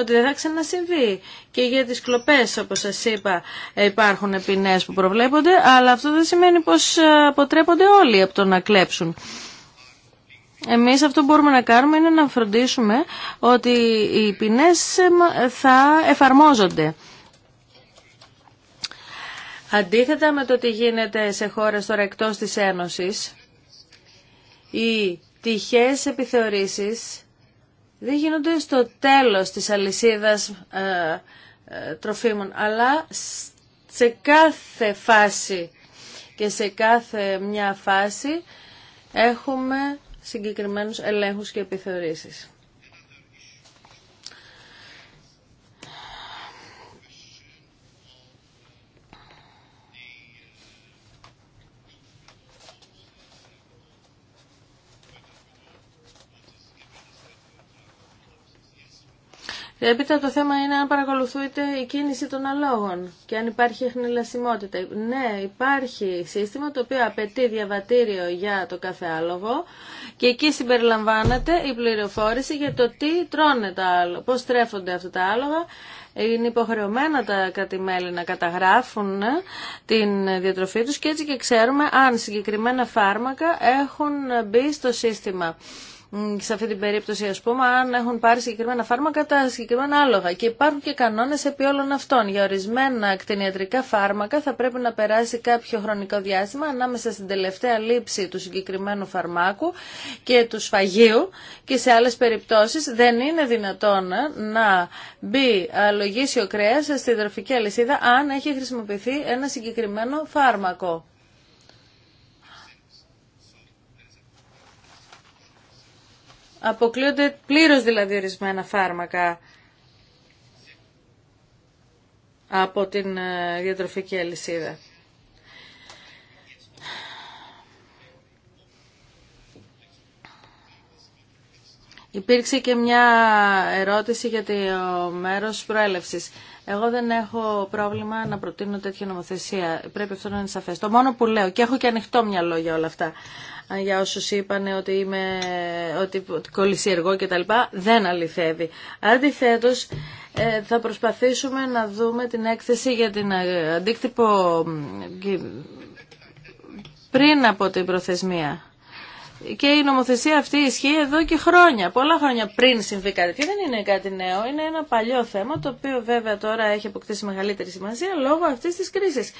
ότι δεν θα ξανασυμβεί. Και για τις κλοπές, όπως σας είπα, υπάρχουν ποινές που προβλέπονται, αλλά αυτό δεν σημαίνει πως αποτρέπονται όλοι από το να κλέψουν. Εμείς αυτό που μπορούμε να κάνουμε είναι να φροντίσουμε ότι οι ποινές θα εφαρμόζονται. Αντίθετα με το τι γίνεται σε χώρες τώρα εκτός της Ένωσης, οι τυχές επιθεωρήσεις δεν γίνονται στο τέλος της αλυσίδας ε, ε, τροφίμων, αλλά σε κάθε φάση και σε κάθε μια φάση έχουμε συγκεκριμένους ελέγχους και επιθεωρήσεις. Έπειτα το θέμα είναι αν παρακολουθούνται η κίνηση των αλόγων και αν υπάρχει εχνηλασιμότητα. Ναι, υπάρχει σύστημα το οποίο απαιτεί διαβατήριο για το κάθε άλογο και εκεί συμπεριλαμβάνεται η πληροφόρηση για το τι τρώνε τα άλογα, πώς τρέφονται αυτά τα άλογα. Είναι υποχρεωμένα τα κρατημέλη να καταγράφουν ε, την διατροφή τους και έτσι και ξέρουμε αν συγκεκριμένα φάρμακα έχουν μπει στο σύστημα σε αυτή την περίπτωση ας πούμε αν έχουν πάρει συγκεκριμένα φάρμακα τα συγκεκριμένα άλογα και υπάρχουν και κανόνες επί όλων αυτών. Για ορισμένα κτηνιατρικά φάρμακα θα πρέπει να περάσει κάποιο χρονικό διάστημα ανάμεσα στην τελευταία λήψη του συγκεκριμένου φαρμάκου και του σφαγίου και σε άλλες περιπτώσεις δεν είναι δυνατόν να μπει αλογίσιο κρέας στη δροφική αλυσίδα αν έχει χρησιμοποιηθεί ένα συγκεκριμένο φάρμακο. Αποκλείονται πλήρως δηλαδή ορισμένα φάρμακα από την ε, διατροφική αλυσίδα. Υπήρξε και μια ερώτηση για το μέρος προέλευσης. Εγώ δεν έχω πρόβλημα να προτείνω τέτοια νομοθεσία. Πρέπει αυτό να είναι σαφέ. Το μόνο που λέω, και έχω και ανοιχτό μυαλό για όλα αυτά, για όσου είπαν ότι είμαι ότι κολυσιεργό κτλ. Δεν αληθεύει. Αντιθέτω, ε, θα προσπαθήσουμε να δούμε την έκθεση για την ε, αντίκτυπο πριν από την προθεσμία. Και η νομοθεσία αυτή ισχύει εδώ και χρόνια, πολλά χρόνια πριν συμβεί κάτι. Και δεν είναι κάτι νέο, είναι ένα παλιό θέμα, το οποίο βέβαια τώρα έχει αποκτήσει μεγαλύτερη σημασία λόγω αυτής της κρίσης.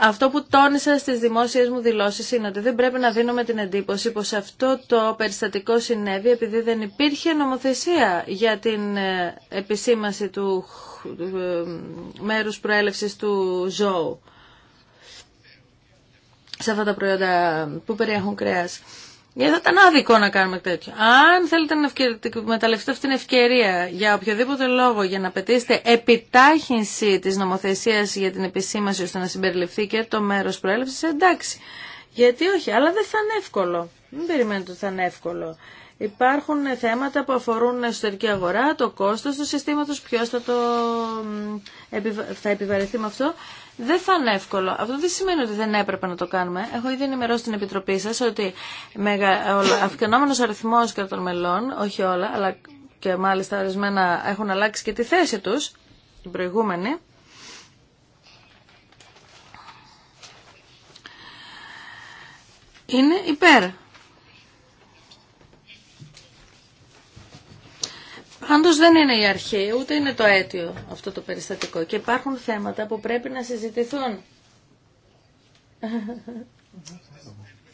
Αυτό που τόνισα στις δημόσιες μου δηλώσεις είναι ότι δεν πρέπει να δίνουμε την εντύπωση πως αυτό το περιστατικό συνέβη επειδή δεν υπήρχε νομοθεσία για την ε, επισήμαση του ε, ε, μέρους προέλευσης του ζώου σε αυτά τα προϊόντα που περιέχουν κρέα. Γιατί θα ήταν άδικο να κάνουμε τέτοιο. Αν θέλετε να μεταλλευτείτε αυτή την ευκαιρία για οποιοδήποτε λόγο για να πετύσετε επιτάχυνση τη νομοθεσία για την επισήμαση ώστε να συμπεριληφθεί και το μέρο προέλευση, εντάξει. Γιατί όχι, αλλά δεν θα είναι εύκολο. Μην περιμένετε ότι θα είναι εύκολο. Υπάρχουν θέματα που αφορούν εσωτερική αγορά, το κόστος του συστήματος, ποιος θα, το, θα επιβαρεθεί με αυτό δεν θα είναι εύκολο. Αυτό δεν σημαίνει ότι δεν έπρεπε να το κάνουμε. Έχω ήδη ενημερώσει την Επιτροπή σα ότι αυξανόμενο αριθμό κρατών μελών, όχι όλα, αλλά και μάλιστα ορισμένα έχουν αλλάξει και τη θέση του, την προηγούμενη, είναι υπέρ Πάντως δεν είναι η αρχή, ούτε είναι το αίτιο αυτό το περιστατικό και υπάρχουν θέματα που πρέπει να συζητηθούν.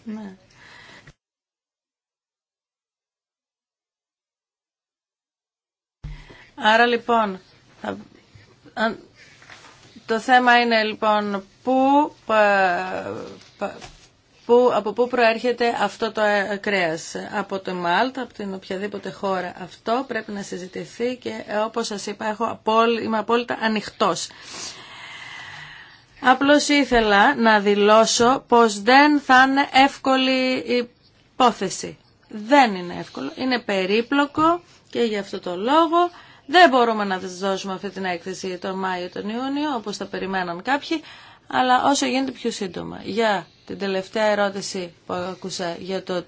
Ναι. Άρα λοιπόν, το θέμα είναι λοιπόν πού που, από πού προέρχεται αυτό το ε, κρέας. Από το Μάλτα, από την οποιαδήποτε χώρα αυτό πρέπει να συζητηθεί και ε, όπως σας είπα έχω είμαι απόλυτα ανοιχτός. Απλώς ήθελα να δηλώσω πως δεν θα είναι εύκολη η υπόθεση. Δεν είναι εύκολο, είναι περίπλοκο και γι' αυτό το λόγο δεν μπορούμε να σας δώσουμε αυτή την έκθεση τον Μάιο τον Ιούνιο όπως θα περιμέναν κάποιοι αλλά όσο γίνεται πιο σύντομα. Για την τελευταία ερώτηση που άκουσα για το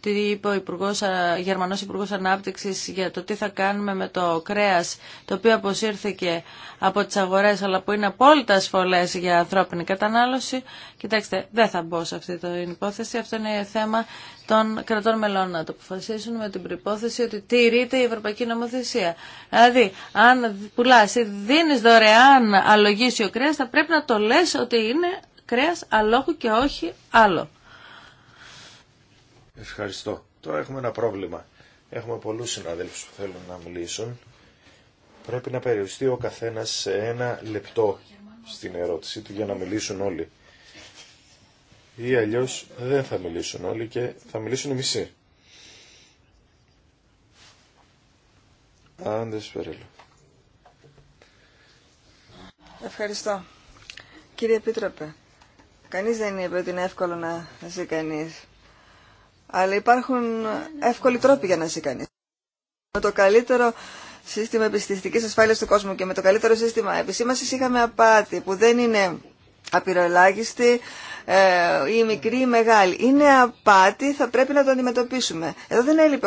τι είπε ο Υπουργός, Γερμανός Υπουργός Ανάπτυξης για το τι θα κάνουμε με το κρέας το οποίο αποσύρθηκε από τις αγορές αλλά που είναι απόλυτα ασφολές για ανθρώπινη κατανάλωση. Κοιτάξτε, δεν θα μπω σε αυτή την υπόθεση. Αυτό είναι θέμα των κρατών μελών να το αποφασίσουν με την προϋπόθεση ότι τηρείται η Ευρωπαϊκή Νομοθεσία. Δηλαδή, αν πουλάς ή δίνεις δωρεάν αλογίσιο κρέας θα πρέπει να το λες ότι είναι κρέας και όχι άλλο. Ευχαριστώ. Τώρα έχουμε ένα πρόβλημα. Έχουμε πολλούς συναδέλφους που θέλουν να μιλήσουν. Πρέπει να περιοριστεί ο καθένας σε ένα λεπτό στην ερώτησή του για να μιλήσουν όλοι. Ή αλλιώς δεν θα μιλήσουν όλοι και θα μιλήσουν οι μισοί. Άντες Ευχαριστώ. Κύριε Επίτροπε, Κανείς δεν είπε ότι είναι εύκολο να ζει κανείς. Αλλά υπάρχουν εύκολοι τρόποι για να ζει κανείς. Με το καλύτερο σύστημα επιστηστικής ασφάλειας του κόσμου και με το καλύτερο σύστημα επισήμασης είχαμε απάτη που δεν είναι απειρολάγιστη η ε, μικρή ή η μεγαλη Είναι απάτη, θα πρέπει να το αντιμετωπίσουμε. Εδώ δεν έλειπε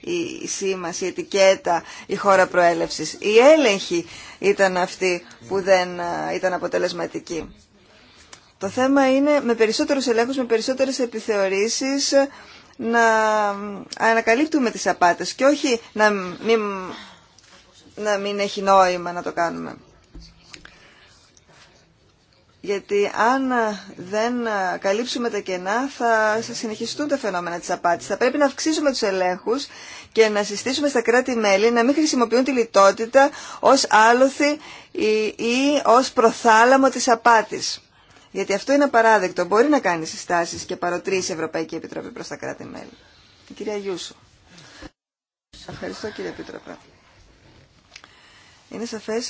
η σήμαση, η ετικέτα, η χώρα προέλευσης. Η έλεγχη ήταν αυτή που δεν ε, ήταν αποτελεσματική. Το θέμα είναι με περισσότερους ελέγχους, με περισσότερες επιθεωρήσεις να ανακαλύπτουμε τις απάτες και όχι να μην, να μην έχει νόημα να το κάνουμε. Γιατί αν δεν καλύψουμε τα κενά θα συνεχιστούν τα φαινόμενα της απάτης. Θα πρέπει να αυξήσουμε τους ελέγχους και να συστήσουμε στα κράτη-μέλη να μην χρησιμοποιούν τη λιτότητα ως άλοθη ή ως προθάλαμο της απάτης. Γιατί αυτό είναι απαράδεκτο. Μπορεί να κάνει συστάσει και παροτρύσει η Ευρωπαϊκή Επιτροπή προ τα κράτη-μέλη. Η κυρία Γιούσο. Ευχαριστώ κύριε Επίτροπε. Είναι σαφέ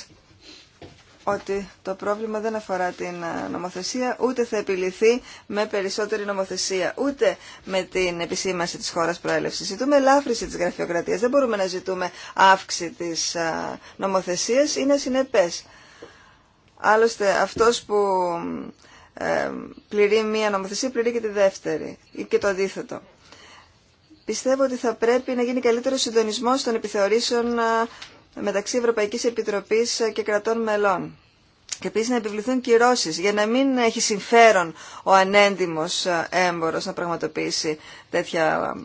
ότι το πρόβλημα δεν αφορά την ε, νομοθεσία, ούτε θα επιληθεί με περισσότερη νομοθεσία, ούτε με την επισήμαση της χώρας προέλευσης. Ζητούμε ελάφρυση της γραφειοκρατίας. Δεν μπορούμε να ζητούμε αύξηση της ε, νομοθεσίας. Είναι συνεπές. Άλλωστε, αυτός που ε, πληρεί μία νομοθεσία, πληρεί και τη δεύτερη ή και το αντίθετο. Πιστεύω ότι θα πρέπει να γίνει καλύτερο συντονισμό των επιθεωρήσεων ε, μεταξύ Ευρωπαϊκής Επιτροπής ε, και κρατών μελών. Και επίση να επιβληθούν κυρώσει για να μην έχει συμφέρον ο ανέντιμο εμπορο να πραγματοποιήσει τέτοια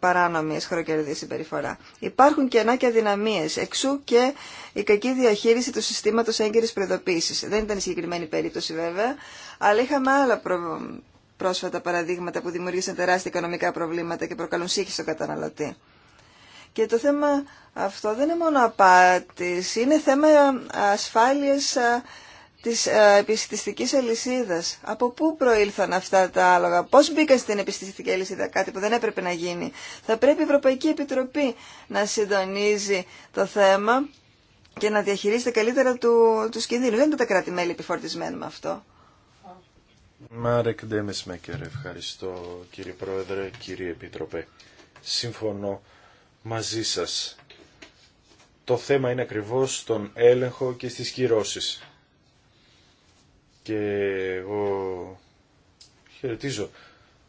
παράνομη χροκερδή συμπεριφορά. Υπάρχουν κενά και αδυναμίε. εξού και η κακή διαχείριση του συστήματο έγκυρης προειδοποίηση. Δεν ήταν η συγκεκριμένη περίπτωση βέβαια, αλλά είχαμε άλλα πρόσφατα παραδείγματα που δημιούργησαν τεράστια οικονομικά προβλήματα και προκαλούν σύγχυση στον καταναλωτή. Και το θέμα αυτό δεν είναι μόνο απάτης, είναι θέμα ασφάλειας της επιστηστικής αλυσίδα. Από πού προήλθαν αυτά τα άλογα, πώς μπήκαν στην επιστηστική αλυσίδα, κάτι που δεν έπρεπε να γίνει. Θα πρέπει η Ευρωπαϊκή Επιτροπή να συντονίζει το θέμα και να διαχειρίζεται καλύτερα του, τους κινδύνους. Δεν είναι τα κράτη-μέλη επιφορτισμένα με αυτό. Μάρεκ Ντέμεσμέκερ, ευχαριστώ κύριε Πρόεδρε, κύριε Επιτροπέ. Συμφωνώ μαζί σας. Το θέμα είναι ακριβώς στον έλεγχο και στις κυρώσεις. Και εγώ χαιρετίζω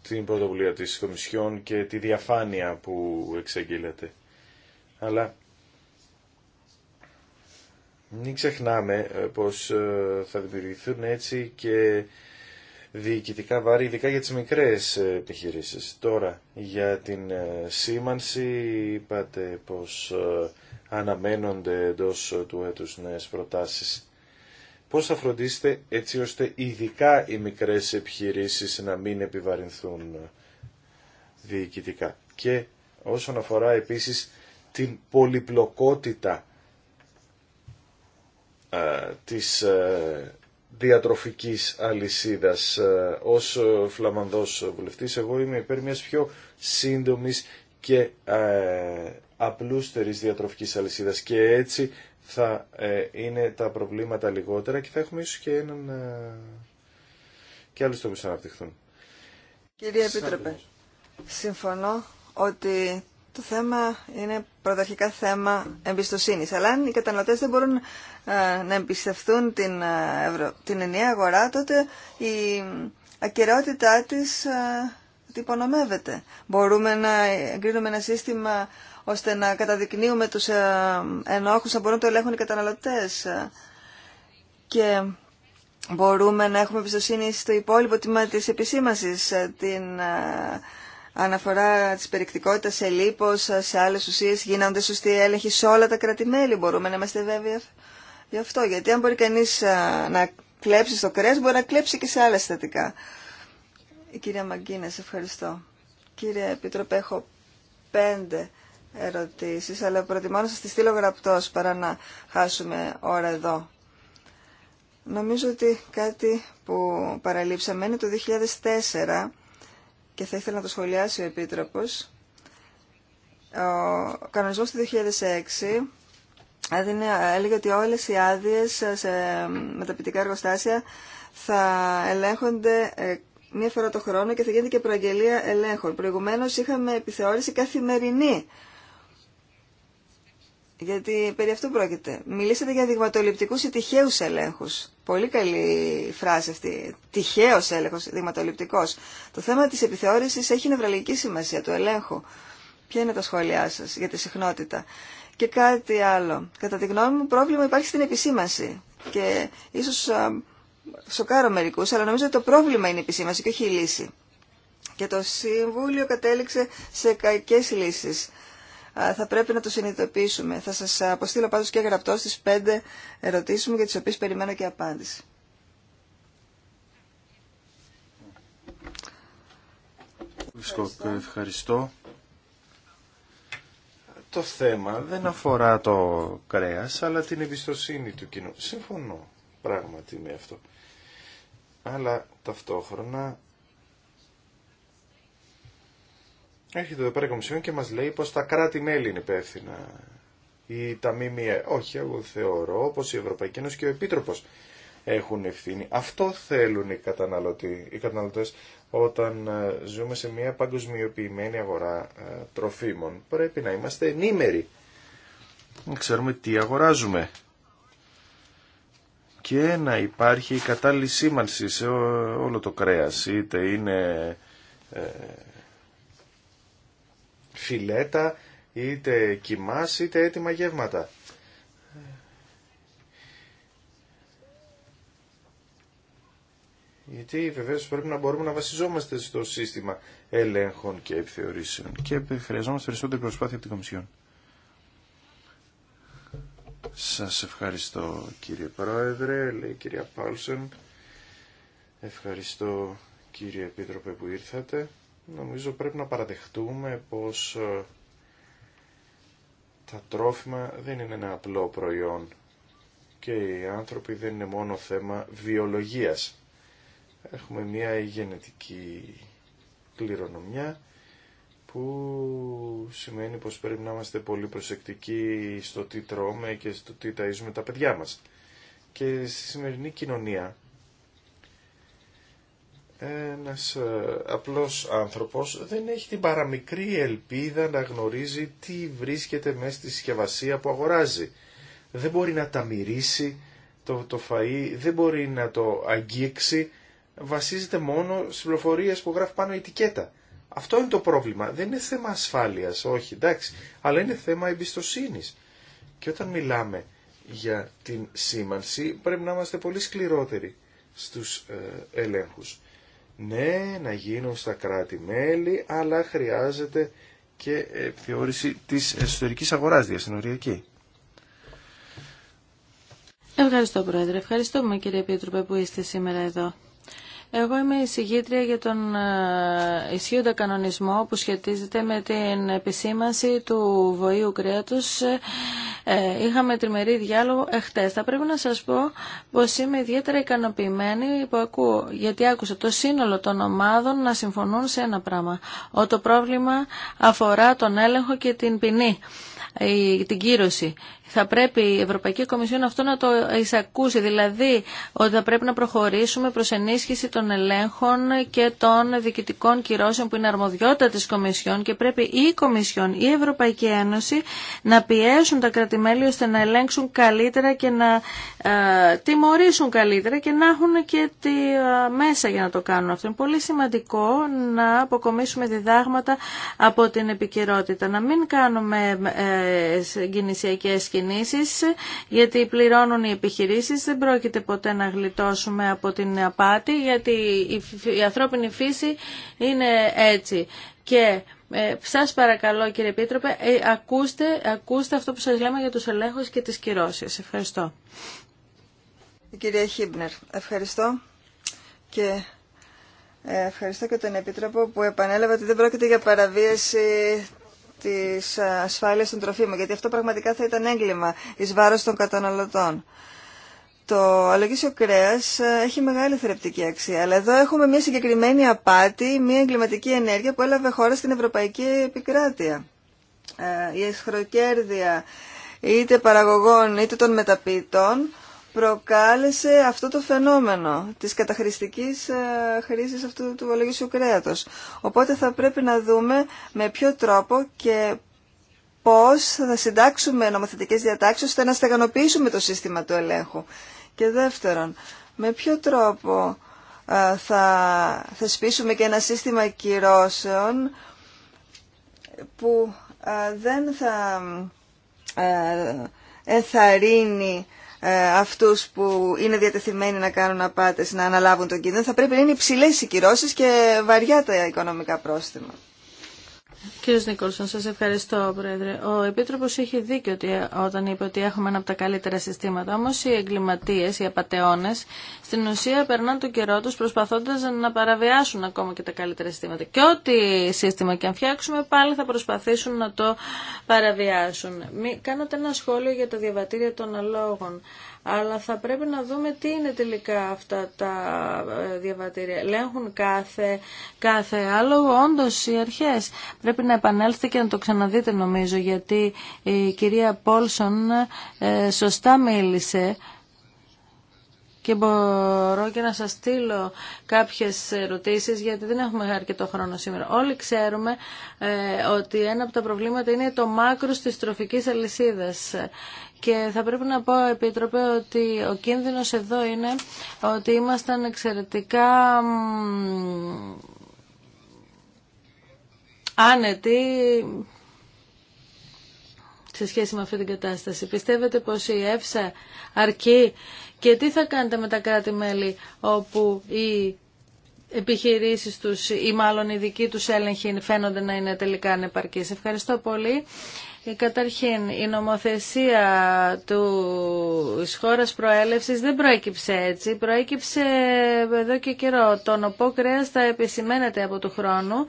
την πρωτοβουλία της Κομισιόν και τη διαφάνεια που εξαγγείλεται. Αλλά μην ξεχνάμε ε, πως ε, θα δημιουργηθούν έτσι και διοικητικά βάρη, ειδικά για τις μικρές ε, επιχειρήσεις. Τώρα, για την ε, σήμανση είπατε πως ε, αναμένονται εντό του έτους νέες προτάσεις. Πώς θα φροντίσετε έτσι ώστε ειδικά οι μικρές επιχειρήσεις να μην επιβαρυνθούν διοικητικά. Και όσον αφορά επίσης την πολυπλοκότητα της διατροφικής αλυσίδας. Ε, ως ε, φλαμανδός βουλευτής εγώ είμαι υπέρ μιας πιο σύντομης και ε, απλούστερης διατροφικής αλυσίδας και έτσι θα ε, είναι τα προβλήματα λιγότερα και θα έχουμε ίσως και έναν ε, και άλλους τομείς να αναπτυχθούν. Κύριε Επίτροπε, συμφωνώ ότι το θέμα είναι πρωταρχικά θέμα εμπιστοσύνης. Αλλά αν οι καταναλωτές δεν μπορούν ε, να εμπιστευτούν την, ε, την ενιαία αγορά, τότε η ακαιρεότητά της ε, υπονομεύεται. Μπορούμε να εγκρίνουμε ένα σύστημα ώστε να καταδεικνύουμε τους ενόχους, να μπορούν να το ελέγχουν οι καταναλωτές. Και μπορούμε να έχουμε εμπιστοσύνη στο υπόλοιπο τμήμα τη επισήμασης, την αναφορά της περιεκτικότητα σε λίπο, σε άλλες ουσίες, γίνονται σωστοί έλεγχοι σε όλα τα κρατημέλη. Μπορούμε να είμαστε βέβαιοι γι' αυτό. Γιατί αν μπορεί κανείς να κλέψει στο κρέα, μπορεί να κλέψει και σε άλλα συστατικά. Η κυρία Μαγκίνες, ευχαριστώ. Κύριε Επίτροπε, έχω πέντε ερωτήσεις, αλλά προτιμώ να σα τη στείλω γραπτό παρά να χάσουμε ώρα εδώ. Νομίζω ότι κάτι που παραλείψαμε είναι το 2004 και θα ήθελα να το σχολιάσει ο Επίτροπος. Ο κανονισμός του 2006 έλεγε ότι όλες οι άδειες σε μεταπητικά εργοστάσια θα ελέγχονται ε, μία φορά το χρόνο και θα γίνεται και προαγγελία ελέγχων. Προηγουμένως είχαμε επιθεώρηση καθημερινή γιατί περί αυτού πρόκειται. Μιλήσατε για δειγματοληπτικού ή τυχαίους ελέγχους. Πολύ καλή φράση αυτή. Τυχαίος έλεγχος, δειγματοληπτικό. Το θέμα τη επιθεώρηση έχει νευραλική σημασία, του ελέγχου. Ποια είναι τα σχόλιά σα για τη συχνότητα. Και κάτι άλλο. Κατά τη γνώμη μου πρόβλημα υπάρχει στην επισήμανση. Και ίσω σοκάρω μερικού, αλλά νομίζω ότι το πρόβλημα είναι η επισήμανση και όχι η λύση. Και το Συμβούλιο κατέληξε σε κακέ λύσει θα πρέπει να το συνειδητοποιήσουμε. Θα σας αποστείλω πάντως και γραπτό στι πέντε ερωτήσεις μου για τις οποίες περιμένω και απάντηση. Ευχαριστώ. Ευχαριστώ. Το θέμα δεν αφορά το κρέας, αλλά την εμπιστοσύνη του κοινού. Συμφωνώ πράγματι με αυτό. Αλλά ταυτόχρονα Έρχεται εδώ πέρα η Κομισιόν και μας λέει πως τα κράτη-μέλη είναι υπεύθυνα ή τα ΜΜΕ. Όχι, εγώ θεωρώ πως η Ευρωπαϊκή Ένωση και ο Επίτροπος έχουν ευθύνη. Αυτό θέλουν οι, οι καταναλωτές όταν ε, ζούμε σε μια παγκοσμιοποιημένη αγορά ε, τροφίμων. Πρέπει να είμαστε ενήμεροι. Να ξέρουμε τι αγοράζουμε. Και να υπάρχει η κατάλληλη σήμανση σε όλο το κρέας. Είτε είναι ε, φιλέτα, είτε κοιμάς, είτε έτοιμα γεύματα. Γιατί βεβαίως πρέπει να μπορούμε να βασιζόμαστε στο σύστημα ελέγχων και επιθεωρήσεων και χρειαζόμαστε περισσότερη προσπάθεια από την Κομισιόν. Σας ευχαριστώ κύριε Πρόεδρε, λέει η κυρία Πάλσεν. Ευχαριστώ κύριε Επίτροπε που ήρθατε. Νομίζω πρέπει να παραδεχτούμε πως ε, τα τρόφιμα δεν είναι ένα απλό προϊόν και οι άνθρωποι δεν είναι μόνο θέμα βιολογίας. Έχουμε μια γενετική κληρονομιά που σημαίνει πως πρέπει να είμαστε πολύ προσεκτικοί στο τι τρώμε και στο τι ταΐζουμε τα παιδιά μας. Και στη σημερινή κοινωνία ένας ε, απλός άνθρωπος δεν έχει την παραμικρή ελπίδα να γνωρίζει τι βρίσκεται μέσα στη συσκευασία που αγοράζει. Δεν μπορεί να τα μυρίσει το, το φαΐ, δεν μπορεί να το αγγίξει, βασίζεται μόνο στις πληροφορίες που γράφει πάνω η ετικέτα. Αυτό είναι το πρόβλημα. Δεν είναι θέμα ασφάλειας, όχι, εντάξει, αλλά είναι θέμα εμπιστοσύνης. Και όταν μιλάμε για την σήμανση πρέπει να είμαστε πολύ σκληρότεροι στους ε, ελέγχους ναι να γίνουν στα κράτη-μέλη, αλλά χρειάζεται και επιθεώρηση της εσωτερικής αγοράς διασυνοριακή. Ευχαριστώ Πρόεδρε. Ευχαριστούμε κύριε Επίτροπε που είστε σήμερα εδώ. Εγώ είμαι εισηγήτρια για τον ε, ισχύοντα κανονισμό που σχετίζεται με την επισήμανση του βοήου κρέατος ε, ε, είχαμε τριμερή διάλογο εχθές. Θα πρέπει να σας πω πως είμαι ιδιαίτερα ικανοποιημένη που ακούω, γιατί άκουσα το σύνολο των ομάδων να συμφωνούν σε ένα πράγμα. Ότι το πρόβλημα αφορά τον έλεγχο και την ποινή, την κύρωση θα πρέπει η Ευρωπαϊκή Κομισιόν αυτό να το εισακούσει, δηλαδή ότι θα πρέπει να προχωρήσουμε προς ενίσχυση των ελέγχων και των διοικητικών κυρώσεων που είναι αρμοδιότητα της Κομισιόν και πρέπει η Κομισιόν, η Ευρωπαϊκή Ένωση να πιέσουν τα κρατημέλη ώστε να ελέγξουν καλύτερα και να ε, τιμωρήσουν καλύτερα και να έχουν και τη ε, μέσα για να το κάνουν αυτό. Είναι πολύ σημαντικό να αποκομίσουμε διδάγματα από την επικαιρότητα, να μην κάνουμε ε, κινησιακές κινήσεις, γιατί πληρώνουν οι επιχειρήσεις. Δεν πρόκειται ποτέ να γλιτώσουμε από την απάτη, γιατί η ανθρώπινη φύση είναι έτσι. Και ε, σας παρακαλώ κύριε Επίτροπε, ε, ακούστε, ακούστε αυτό που σας λέμε για τους ελέγχους και τις κυρώσεις. Ευχαριστώ. Κύριε κυρία Χίμπνερ, ευχαριστώ και ε, ευχαριστώ και τον Επίτροπο που επανέλαβε ότι δεν πρόκειται για παραβίαση Τη ασφάλεια των τροφίμων, γιατί αυτό πραγματικά θα ήταν έγκλημα ει βάρο των καταναλωτών. Το αλογίσιο κρέα ε, έχει μεγάλη θρεπτική αξία, αλλά εδώ έχουμε μια συγκεκριμένη απάτη, μια εγκληματική ενέργεια που έλαβε χώρα στην Ευρωπαϊκή Επικράτεια. Ε, η εσχροκέρδεια είτε παραγωγών είτε των μεταπίτων προκάλεσε αυτό το φαινόμενο της καταχρηστικής ε, χρήσης αυτού του βολογησίου κρέατος. Οπότε θα πρέπει να δούμε με ποιο τρόπο και πώς θα συντάξουμε νομοθετικές διατάξεις ώστε να στεγανοποιήσουμε το σύστημα του ελέγχου. Και δεύτερον, με ποιο τρόπο ε, θα θεσπίσουμε και ένα σύστημα κυρώσεων που ε, δεν θα ενθαρρύνει ε, αυτούς που είναι διατεθειμένοι να κάνουν απάτες να αναλάβουν τον κίνδυνο θα πρέπει να είναι υψηλές οι κυρώσεις και βαριά τα οικονομικά πρόστιμα. Κύριος Νίκολσον, σας ευχαριστώ, Πρόεδρε. Ο Επίτροπος είχε δίκιο ότι όταν είπε ότι έχουμε ένα από τα καλύτερα συστήματα. Όμως οι εγκληματίες, οι απαταιώνες, στην ουσία περνάνε τον καιρό τους προσπαθώντας να παραβιάσουν ακόμα και τα καλύτερα συστήματα. Και ό,τι σύστημα και αν φτιάξουμε, πάλι θα προσπαθήσουν να το παραβιάσουν. Μη, κάνατε ένα σχόλιο για τα διαβατήρια των αλόγων αλλά θα πρέπει να δούμε τι είναι τελικά αυτά τα ε, διαβατήρια. Ελέγχουν κάθε, κάθε άλλο, όντως οι αρχές. Πρέπει να επανέλθετε και να το ξαναδείτε νομίζω, γιατί η κυρία Πόλσον ε, σωστά μίλησε και μπορώ και να σας στείλω κάποιες ερωτήσεις γιατί δεν έχουμε αρκετό χρόνο σήμερα. Όλοι ξέρουμε ε, ότι ένα από τα προβλήματα είναι το μάκρο της τροφικής αλυσίδας. Και θα πρέπει να πω, Επίτροπε, ότι ο κίνδυνος εδώ είναι ότι ήμασταν εξαιρετικά άνετοι σε σχέση με αυτή την κατάσταση. Πιστεύετε πως η ΕΦΣΑ αρκεί και τι θα κάνετε με τα κράτη-μέλη όπου οι επιχειρήσεις τους ή μάλλον οι δικοί τους έλεγχοι φαίνονται να είναι τελικά ανεπαρκείς. Ευχαριστώ πολύ. Ε, καταρχήν, η νομοθεσία του χώρα προέλευση δεν προέκυψε έτσι. Προέκυψε εδώ και καιρό. Το νοπό κρέα θα επισημαίνεται από του χρόνου,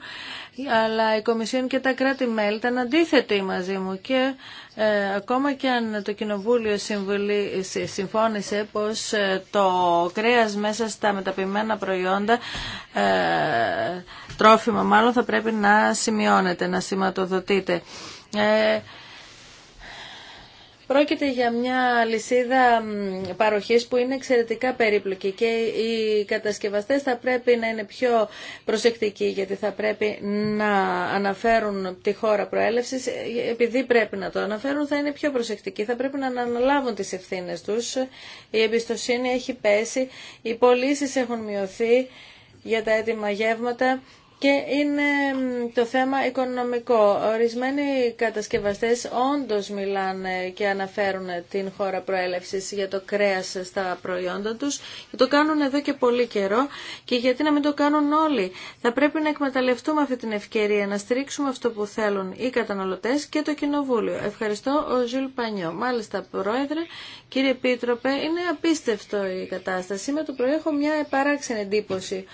αλλά η Κομισιόν και τα κράτη-μέλη ήταν αντίθετοι μαζί μου και ε, ακόμα και αν το Κοινοβούλιο συμβουλή, συμφώνησε πως ε, το κρέας μέσα στα μεταποιημένα προϊόντα, τρόφιμα μάλλον, θα πρέπει να σημειώνεται, να σηματοδοτείται. Ε, πρόκειται για μια λυσίδα παροχής που είναι εξαιρετικά περίπλοκη και οι κατασκευαστές θα πρέπει να είναι πιο προσεκτικοί γιατί θα πρέπει να αναφέρουν τη χώρα προέλευσης. Ε, επειδή πρέπει να το αναφέρουν θα είναι πιο προσεκτικοί, θα πρέπει να αναλάβουν τις ευθύνες τους. Η εμπιστοσύνη έχει πέσει, οι πωλήσει έχουν μειωθεί για τα έτοιμα γεύματα και είναι το θέμα οικονομικό. Ορισμένοι κατασκευαστές όντως μιλάνε και αναφέρουν την χώρα προέλευσης για το κρέας στα προϊόντα τους και το κάνουν εδώ και πολύ καιρό και γιατί να μην το κάνουν όλοι. Θα πρέπει να εκμεταλλευτούμε αυτή την ευκαιρία να στηρίξουμε αυτό που θέλουν οι καταναλωτές και το Κοινοβούλιο. Ευχαριστώ ο Ζιλ Πανιό. Μάλιστα Πρόεδρε, κύριε Πίτροπε, είναι απίστευτο η κατάσταση. Με το πρωί έχω μια παράξενη εντύπωση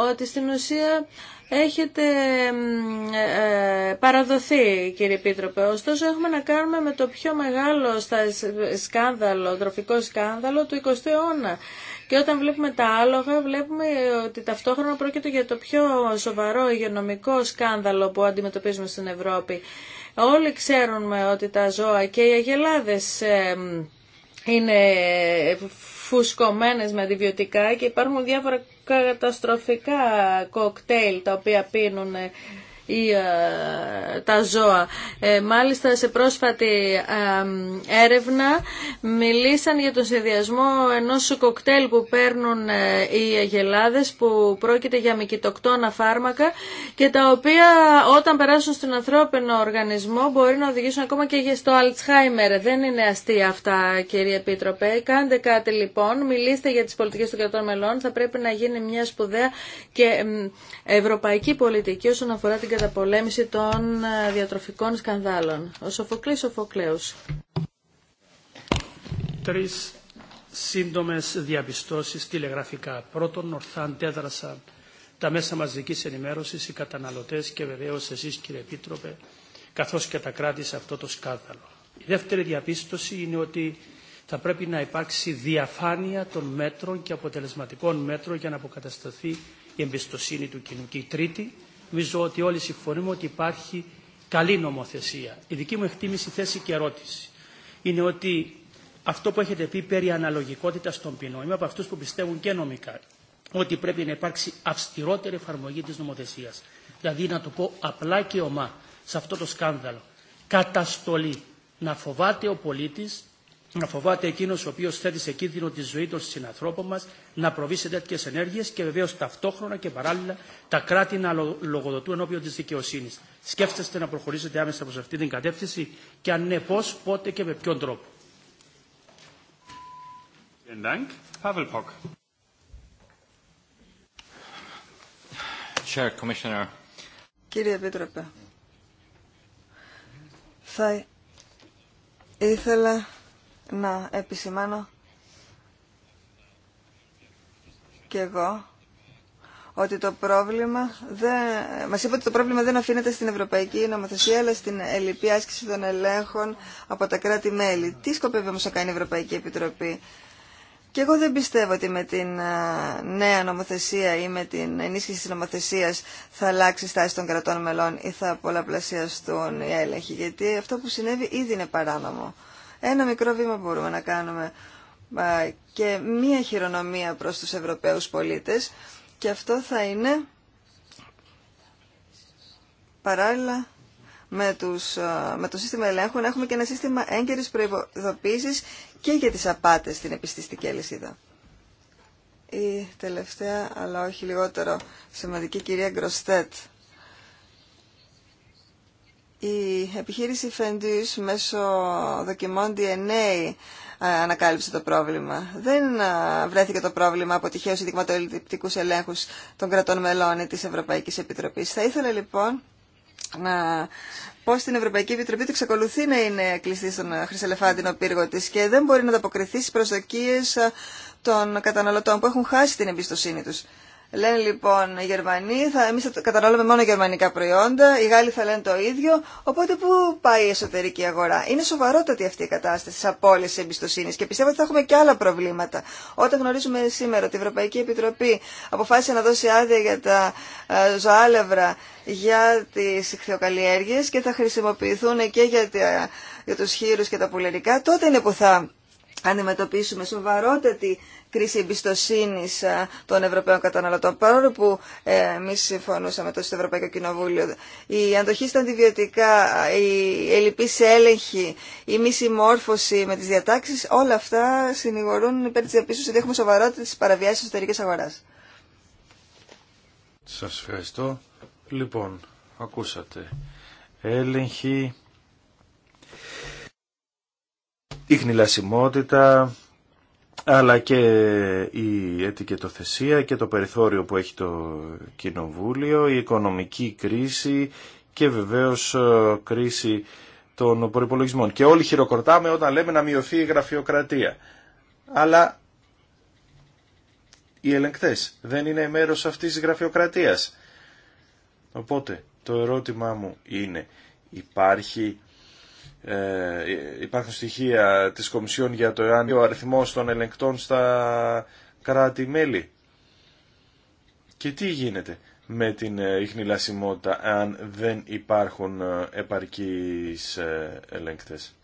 ότι στην ουσία έχετε ε, ε, παραδοθεί κύριε Πίτροπε. Ωστόσο έχουμε να κάνουμε με το πιο μεγάλο σκάνδαλο, τροφικό σκάνδαλο του 20ου αιώνα. Και όταν βλέπουμε τα άλογα, βλέπουμε ότι ταυτόχρονα πρόκειται για το πιο σοβαρό υγειονομικό σκάνδαλο που αντιμετωπίζουμε στην Ευρώπη. Όλοι ξέρουμε ότι τα ζώα και οι αγελάδες ε, είναι φουσκωμένες με αντιβιωτικά και υπάρχουν διάφορα καταστροφικά κοκτέιλ τα οποία πίνουν ε, ή ε, τα ζώα. Ε, μάλιστα σε πρόσφατη έρευνα μιλήσαν για τον συνδυασμό ενός κοκτέιλ που παίρνουν ε, οι αγελάδες που πρόκειται για μικητοκτόνα φάρμακα και τα οποία όταν περάσουν στον ανθρώπινο οργανισμό μπορεί να οδηγήσουν ακόμα και στο Αλτσχάιμερ. Δεν είναι αστεία αυτά κύριε Επίτροπε. Κάντε κάτι λοιπόν, μιλήστε για τις πολιτικές των κρατών μελών. Θα πρέπει να γίνει μια σπουδαία και ευρωπαϊκή πολιτική όσον αφορά την καταπολέμηση των ε, διατροφικών σκανδάλων. Ο Σοφοκλής Σοφοκλέους. Τρεις σύντομες διαπιστώσεις τηλεγραφικά. Πρώτον, ορθά αντέδρασαν τα μέσα μαζικής ενημέρωσης, οι καταναλωτές και βεβαίως εσείς κύριε Επίτροπε, καθώς και τα κράτη σε αυτό το σκάνδαλο. Η δεύτερη διαπίστωση είναι ότι θα πρέπει να υπάρξει διαφάνεια των μέτρων και αποτελεσματικών μέτρων για να αποκατασταθεί η εμπιστοσύνη του κοινού. Και η τρίτη Νομίζω ότι όλοι συμφωνούμε ότι υπάρχει καλή νομοθεσία. Η δική μου εκτίμηση, θέση και ερώτηση είναι ότι αυτό που έχετε πει περί αναλογικότητα των ποινών, είμαι από αυτού που πιστεύουν και νομικά ότι πρέπει να υπάρξει αυστηρότερη εφαρμογή τη νομοθεσίας. Δηλαδή, να το πω απλά και ομά σε αυτό το σκάνδαλο. Καταστολή. Να φοβάται ο πολίτη να φοβάται εκείνο ο οποίο θέτει σε κίνδυνο τη ζωή των συνανθρώπων μα να προβεί σε τέτοιε ενέργειε και βεβαίω ταυτόχρονα και παράλληλα τα κράτη να λογοδοτούν ενώπιον τη δικαιοσύνη. Σκέφτεστε να προχωρήσετε άμεσα προ αυτή την κατεύθυνση και αν ναι, πώ, πότε και με ποιον τρόπο. Κύριε Επίτροπε, θα ήθελα να επισημάνω και εγώ ότι το πρόβλημα δεν... Μας είπε ότι το πρόβλημα δεν αφήνεται στην Ευρωπαϊκή Νομοθεσία, αλλά στην ελληπή άσκηση των ελέγχων από τα κράτη-μέλη. Τι σκοπεύει όμως να κάνει η Ευρωπαϊκή Επιτροπή. Και εγώ δεν πιστεύω ότι με την νέα νομοθεσία ή με την ενίσχυση της νομοθεσίας θα αλλάξει η στάση των κρατών μελών ή θα πολλαπλασιαστούν οι έλεγχοι, γιατί αυτό που συνέβη ήδη είναι παράνομο ένα μικρό βήμα μπορούμε να κάνουμε και μία χειρονομία προς τους Ευρωπαίους πολίτες και αυτό θα είναι παράλληλα με, τους, με το σύστημα ελέγχου να έχουμε και ένα σύστημα έγκαιρης προειδοποίησης και για τις απάτες στην επιστηστική αλυσίδα. Η τελευταία, αλλά όχι λιγότερο σημαντική κυρία Γκροστέτ. Η επιχείρηση Φεντής μέσω δοκιμών DNA ε, ανακάλυψε το πρόβλημα. Δεν ε, βρέθηκε το πρόβλημα από τυχαίους ειδικματοληπτικούς ελέγχους των κρατών μελών ή της Ευρωπαϊκής Επιτροπής. Θα ήθελα λοιπόν να πω στην Ευρωπαϊκή Επιτροπή ότι εξακολουθεί να είναι κλειστή στον χρυσελεφάντινο πύργο της και δεν μπορεί να ανταποκριθεί στις προσδοκίες ε, των καταναλωτών που έχουν χάσει την εμπιστοσύνη τους. Λένε λοιπόν οι Γερμανοί, θα, εμείς θα καταναλώνουμε μόνο γερμανικά προϊόντα, οι Γάλλοι θα λένε το ίδιο, οπότε πού πάει η εσωτερική αγορά. Είναι σοβαρότατη αυτή η κατάσταση της απόλυσης εμπιστοσύνης και πιστεύω ότι θα έχουμε και άλλα προβλήματα. Όταν γνωρίζουμε σήμερα ότι η Ευρωπαϊκή Επιτροπή αποφάσισε να δώσει άδεια για τα ε, ζωάλευρα, για τις χθιοκαλλιέργειες και θα χρησιμοποιηθούν και για, για τους χείρους και τα πουλερικά, τότε είναι που θα αντιμετωπίσουμε σοβαρότατη κρίση εμπιστοσύνη των Ευρωπαίων καταναλωτών. Παρόλο που ε, εμεί συμφωνούσαμε τόσο στο Ευρωπαϊκό Κοινοβούλιο, η αντοχή στα αντιβιωτικά, η ελλειπή έλεγχη, η μη συμμόρφωση με τι διατάξει, όλα αυτά συνηγορούν υπέρ τη διαπίστωση ότι έχουμε σοβαρότητα τη παραβιάση εσωτερική αγορά. Σα ευχαριστώ. Λοιπόν, ακούσατε. Έλεγχη, η χνηλασιμότητα, αλλά και η ετικετοθεσία και το περιθώριο που έχει το Κοινοβούλιο, η οικονομική κρίση και βεβαίως ε, κρίση των προπολογισμών. Και όλοι χειροκροτάμε όταν λέμε να μειωθεί η γραφειοκρατία. Αλλά οι ελεγκτές δεν είναι μέρος αυτής της γραφειοκρατίας. Οπότε το ερώτημά μου είναι υπάρχει ε, υπάρχουν στοιχεία της Κομισιόν για το εάν ο αριθμός των ελεγκτών στα κράτη-μέλη. Και τι γίνεται με την ε, ίχνηλασιμότητα αν δεν υπάρχουν ε, επαρκείς ελεγκτές.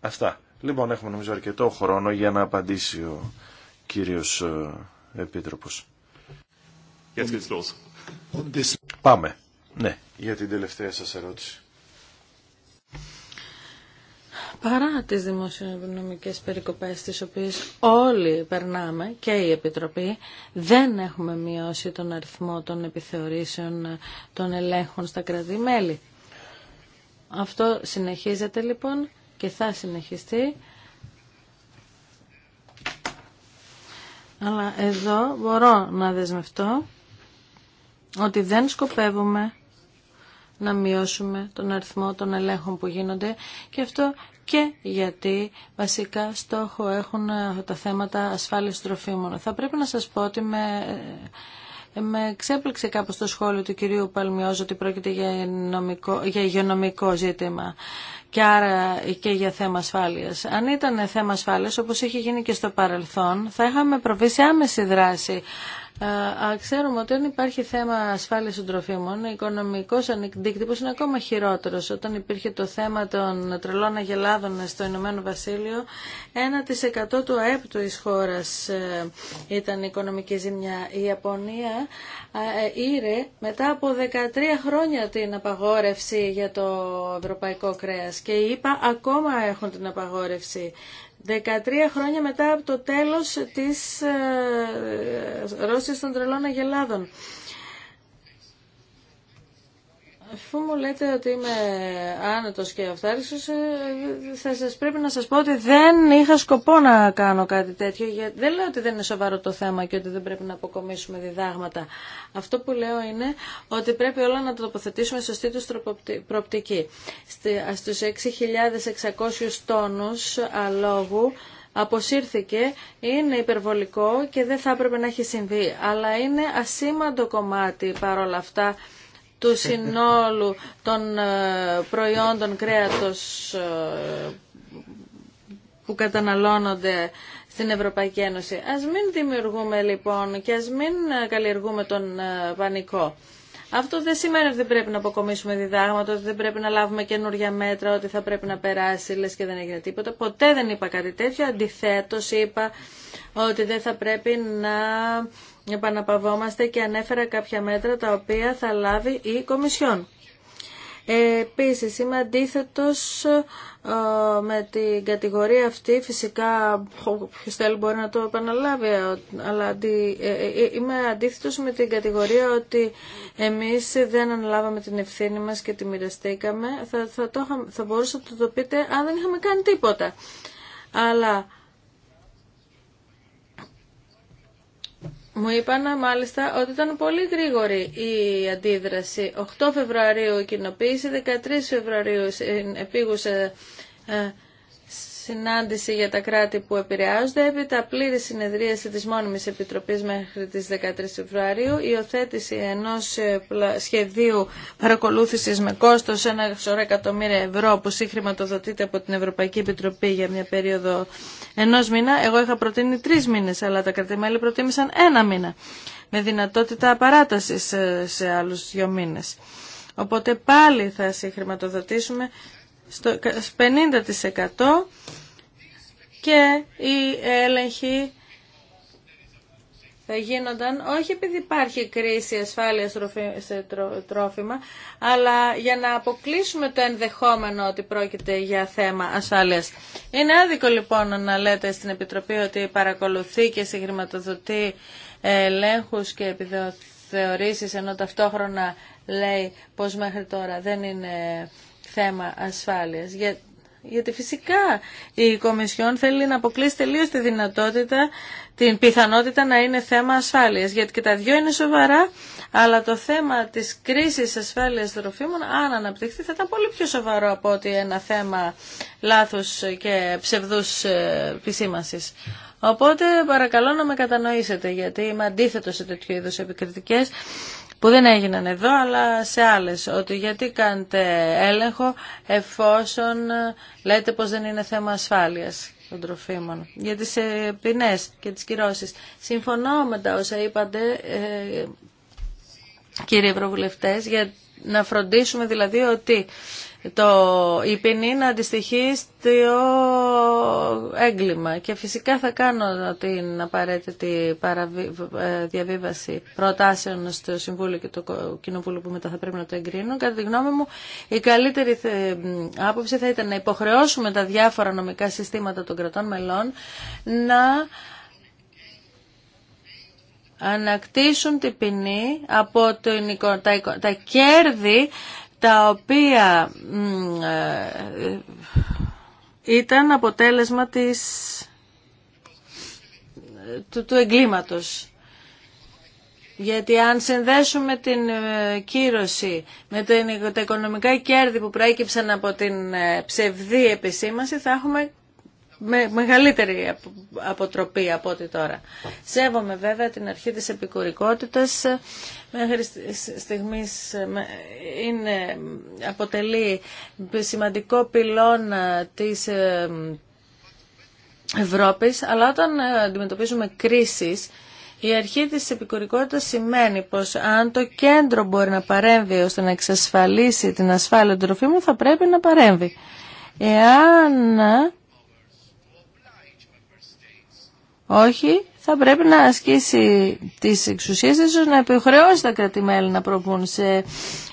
Αυτά. Λοιπόν, έχουμε νομίζω αρκετό χρόνο για να απαντήσει ο κύριος Επίτροπος. Πάμε. Ναι, για την τελευταία σας ερώτηση παρά τις δημοσιονομικές περικοπές τις οποίες όλοι περνάμε και η Επιτροπή δεν έχουμε μειώσει τον αριθμό των επιθεωρήσεων των ελέγχων στα κρατή-μέλη. Αυτό συνεχίζεται λοιπόν και θα συνεχιστεί. Αλλά εδώ μπορώ να δεσμευτώ ότι δεν σκοπεύουμε να μειώσουμε τον αριθμό των ελέγχων που γίνονται και αυτό και γιατί βασικά στόχο έχουν ε, τα θέματα ασφάλειας τροφίμων. Θα πρέπει να σας πω ότι με, ε, με ξέπληξε κάπως το σχόλιο του κυρίου Παλμιώζ ότι πρόκειται για, νομικό, για υγειονομικό ζήτημα και άρα και για θέμα ασφάλεια. Αν ήταν θέμα ασφάλεια, όπω είχε γίνει και στο παρελθόν, θα είχαμε προβήσει άμεση δράση Ξέρουμε ότι όταν υπάρχει θέμα ασφάλεια των τροφίμων, ο οικονομικό αντίκτυπο είναι ακόμα χειρότερο. Όταν υπήρχε το θέμα των τρελών αγελάδων στο Ηνωμένο Βασίλειο, 1% του ΑΕΠ της χώρας ε, ήταν η οικονομική ζημιά. Η Ιαπωνία ε, ήρε μετά από 13 χρόνια την απαγόρευση για το ευρωπαϊκό Κρέα και οι ΙΠΑ ακόμα έχουν την απαγόρευση. 13 χρόνια μετά από το τέλος της ε, ε, Ρώσιας των τρελών αγελάδων. Αφού μου λέτε ότι είμαι άνετος και αυθάριστος, ε, θα σας πρέπει να σας πω ότι δεν είχα σκοπό να κάνω κάτι τέτοιο. Γιατί δεν λέω ότι δεν είναι σοβαρό το θέμα και ότι δεν πρέπει να αποκομίσουμε διδάγματα. Αυτό που λέω είναι ότι πρέπει όλα να το τοποθετήσουμε σωστή τους προοπτική. Στους 6.600 τόνους αλόγου αποσύρθηκε, είναι υπερβολικό και δεν θα έπρεπε να έχει συμβεί. Αλλά είναι ασήμαντο κομμάτι παρόλα αυτά του συνόλου των ε, προϊόντων κρέατος ε, που καταναλώνονται στην Ευρωπαϊκή Ένωση. Ας μην δημιουργούμε λοιπόν και ας μην ε, καλλιεργούμε τον πανικό. Αυτό δεν σημαίνει ότι δεν πρέπει να αποκομίσουμε διδάγματα, ότι δεν πρέπει να λάβουμε καινούργια μέτρα, ότι θα πρέπει να περάσει, λες και δεν έγινε τίποτα. Ποτέ δεν είπα κάτι τέτοιο. Αντιθέτως είπα ότι δεν θα πρέπει να επαναπαυόμαστε και ανέφερα κάποια μέτρα τα οποία θα λάβει η Κομισιόν. Επίσης είμαι αντίθετος ε, με την κατηγορία αυτή φυσικά ο θέλει μπορεί να το επαναλάβει ε, αλλά αντι, ε, είμαι αντίθετος με την κατηγορία ότι εμείς δεν αναλάβαμε την ευθύνη μας και τη μοιραστήκαμε θα, θα, το, θα μπορούσατε να το πείτε αν δεν είχαμε κάνει τίποτα αλλά μου είπαν μάλιστα ότι ήταν πολύ γρήγορη η αντίδραση. 8 Φεβρουαρίου η κοινοποίηση, 13 Φεβρουαρίου επίγουσε ε, συνάντηση για τα κράτη που επηρεάζονται, έπειτα πλήρη συνεδρίαση της μόνιμης επιτροπής μέχρι τις 13 Φεβρουαρίου, υιοθέτηση ενός ε, σχεδίου παρακολούθησης με κόστος 1 εκατομμύρια ευρώ που συγχρηματοδοτείται από την Ευρωπαϊκή Επιτροπή για μια περίοδο ενός μήνα. Εγώ είχα προτείνει τρει μήνες, αλλά τα κρατημέλη προτίμησαν ένα μήνα, με δυνατότητα παράτασης ε, σε άλλους δύο μήνες. Οπότε πάλι θα συγχρηματοδοτήσουμε στο 50% και οι έλεγχοι θα γίνονταν όχι επειδή υπάρχει κρίση ασφάλεια σε τρόφιμα, αλλά για να αποκλείσουμε το ενδεχόμενο ότι πρόκειται για θέμα ασφάλεια. Είναι άδικο λοιπόν να λέτε στην Επιτροπή ότι παρακολουθεί και συγχρηματοδοτεί ελέγχου και θεωρήσει ενώ ταυτόχρονα λέει πως μέχρι τώρα δεν είναι θέμα ασφάλειας. Για, γιατί φυσικά η Κομισιόν θέλει να αποκλείσει τελείω τη δυνατότητα, την πιθανότητα να είναι θέμα ασφάλειας. Γιατί και τα δυο είναι σοβαρά, αλλά το θέμα της κρίσης ασφάλειας τροφίμων, αν αναπτυχθεί, θα ήταν πολύ πιο σοβαρό από ότι ένα θέμα λάθους και ψευδούς ε, επισήμανσης. Οπότε παρακαλώ να με κατανοήσετε, γιατί είμαι αντίθετο σε τέτοιου είδου επικριτικέ που δεν έγιναν εδώ αλλά σε άλλες ότι γιατί κάνετε έλεγχο εφόσον ε, λέτε πως δεν είναι θέμα ασφάλειας των τροφίμων για τις ε, ποινές και τις κυρώσεις. Συμφωνώ με τα όσα είπατε ε, κύριε Ευρωβουλευτές για να φροντίσουμε δηλαδή ότι το, η ποινή να αντιστοιχεί στο έγκλημα και φυσικά θα κάνω την απαραίτητη παραβι... Ε, διαβίβαση προτάσεων στο Συμβούλιο και το Κοινοβούλιο που μετά θα πρέπει να το εγκρίνουν. Κατά τη γνώμη μου η καλύτερη άποψη θα ήταν να υποχρεώσουμε τα διάφορα νομικά συστήματα των κρατών μελών να ανακτήσουν την ποινή από τα κέρδη τα οποία ε, ήταν αποτέλεσμα της, του, του εγκλήματος. Γιατί αν συνδέσουμε την ε, κύρωση με τα οικονομικά κέρδη που προέκυψαν από την ε, ψευδή επισήμαση, θα έχουμε με μεγαλύτερη αποτροπή από ό,τι τώρα. Σέβομαι βέβαια την αρχή της επικουρικότητας. Μέχρι στιγμής είναι, αποτελεί σημαντικό πυλώνα ε, της ε, Ευρώπης, αλλά όταν ε, αντιμετωπίζουμε κρίσεις, η αρχή της επικουρικότητας σημαίνει πως αν το κέντρο μπορεί να παρέμβει ώστε να εξασφαλίσει την ασφάλεια του τροφίμου, θα πρέπει να παρέμβει. Εάν όχι, θα πρέπει να ασκήσει τις εξουσίες της να επιχρεώσει τα κρατημέλη να προβούν σε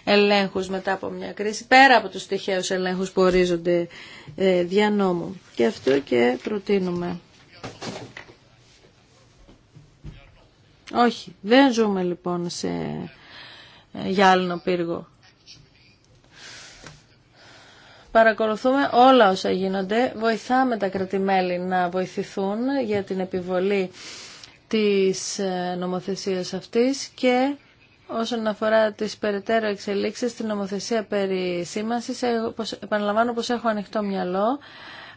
ελέγχους μετά από μια κρίση, πέρα από τους τυχαίους ελέγχους που ορίζονται ε, δια νόμου. Και αυτό και προτείνουμε. Όχι, δεν ζούμε λοιπόν σε ε, γυάλινο πύργο παρακολουθούμε όλα όσα γίνονται, βοηθάμε τα κρατημέλη να βοηθηθούν για την επιβολή της ε, νομοθεσίας αυτής και όσον αφορά τις περαιτέρω εξελίξεις στην νομοθεσία περί σήμανσης, επαναλαμβάνω πως έχω ανοιχτό μυαλό,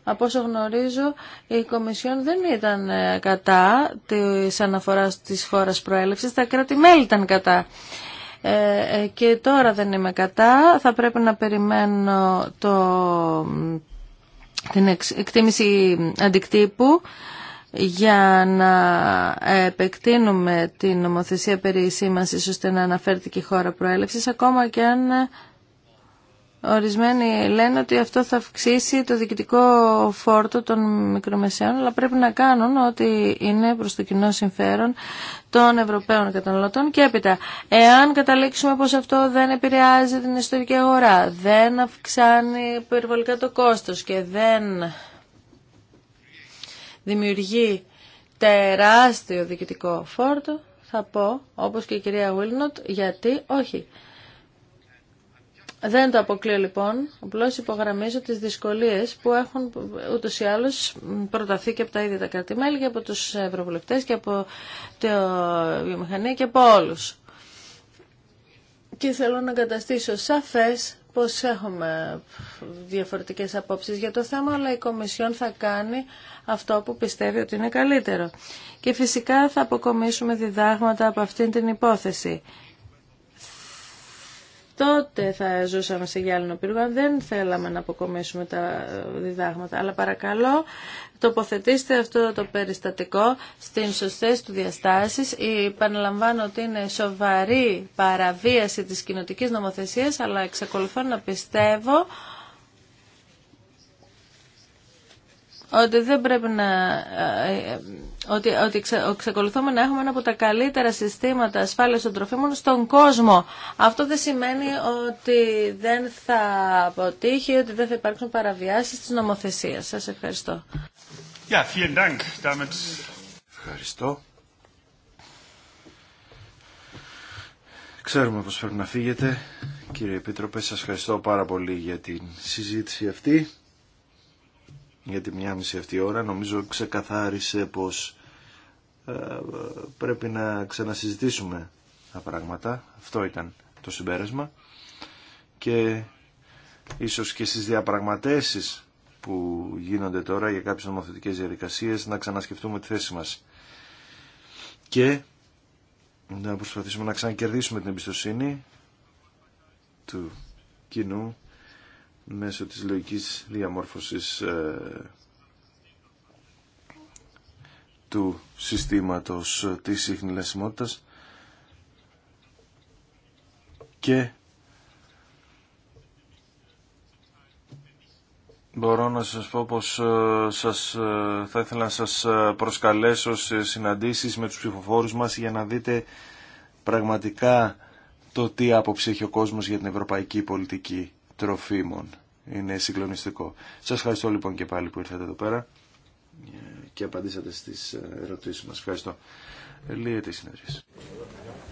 από όσο γνωρίζω, η Κομισιόν δεν ήταν ε, κατά της αναφοράς της χώρας προέλευσης, τα κρατη ήταν κατά. Ε, ε, και τώρα δεν είμαι κατά. Θα πρέπει να περιμένω το, την εκτίμηση αντικτύπου για να επεκτείνουμε την νομοθεσία περί σήμανσης ώστε να αναφέρεται και η χώρα προέλευσης ακόμα και αν Ορισμένοι λένε ότι αυτό θα αυξήσει το διοικητικό φόρτο των μικρομεσαίων, αλλά πρέπει να κάνουν ότι είναι προς το κοινό συμφέρον των Ευρωπαίων καταναλωτών και έπειτα. Εάν καταλήξουμε πως αυτό δεν επηρεάζει την ιστορική αγορά, δεν αυξάνει περιβολικά το κόστος και δεν δημιουργεί τεράστιο διοικητικό φόρτο, θα πω, όπως και η κυρία Βίλνοτ, γιατί όχι. Δεν το αποκλείω λοιπόν, απλώ υπογραμμίζω τις δυσκολίες που έχουν ούτως ή άλλως προταθεί και από τα ίδια τα κρατημέλη και από τους ευρωβουλευτές και από τη βιομηχανία και από όλους. Και θέλω να καταστήσω σαφές πως έχουμε διαφορετικές απόψεις για το θέμα, αλλά η Κομισιόν θα κάνει αυτό που πιστεύει ότι είναι καλύτερο. Και φυσικά θα αποκομίσουμε διδάγματα από αυτήν την υπόθεση τότε θα ζούσαμε σε γυάλινο πύργο αν δεν θέλαμε να αποκομίσουμε τα διδάγματα. Αλλά παρακαλώ τοποθετήστε αυτό το περιστατικό στην σωστέ του διαστάσεις. Παναλαμβάνω ότι είναι σοβαρή παραβίαση της κοινοτικής νομοθεσίας, αλλά εξακολουθώ να πιστεύω ότι δεν πρέπει να... Ε, ε, ότι, ότι να έχουμε ένα από τα καλύτερα συστήματα ασφάλειας των τροφίμων στον κόσμο. Αυτό δεν σημαίνει ότι δεν θα αποτύχει, ότι δεν θα υπάρξουν παραβιάσεις τη νομοθεσία. Σας ευχαριστώ. Ja, vielen Dank. Ευχαριστώ. Ξέρουμε πως πρέπει να φύγετε. Κύριε Επίτροπε, σας ευχαριστώ πάρα πολύ για την συζήτηση αυτή για τη μία μισή αυτή ώρα. Νομίζω ξεκαθάρισε πως ε, πρέπει να ξανασυζητήσουμε τα πράγματα. Αυτό ήταν το συμπέρασμα. Και ίσως και στις διαπραγματεύσεις που γίνονται τώρα για κάποιες νομοθετικές διαδικασίες να ξανασκεφτούμε τη θέση μας. Και να προσπαθήσουμε να ξανακερδίσουμε την εμπιστοσύνη του κοινού μέσω της λογικής διαμόρφωσης ε, του συστήματος της συχνηλασιμότητας και Μπορώ να σας πω πως ε, ε, θα ήθελα να σας προσκαλέσω σε συναντήσεις με τους ψηφοφόρους μας για να δείτε πραγματικά το τι άποψη έχει ο κόσμος για την ευρωπαϊκή πολιτική τροφίμων είναι συγκλονιστικό. Σας ευχαριστώ λοιπόν και πάλι που ήρθατε εδώ πέρα και απαντήσατε στις ε, ερωτήσεις μας. Ευχαριστώ. Ε, λύεται η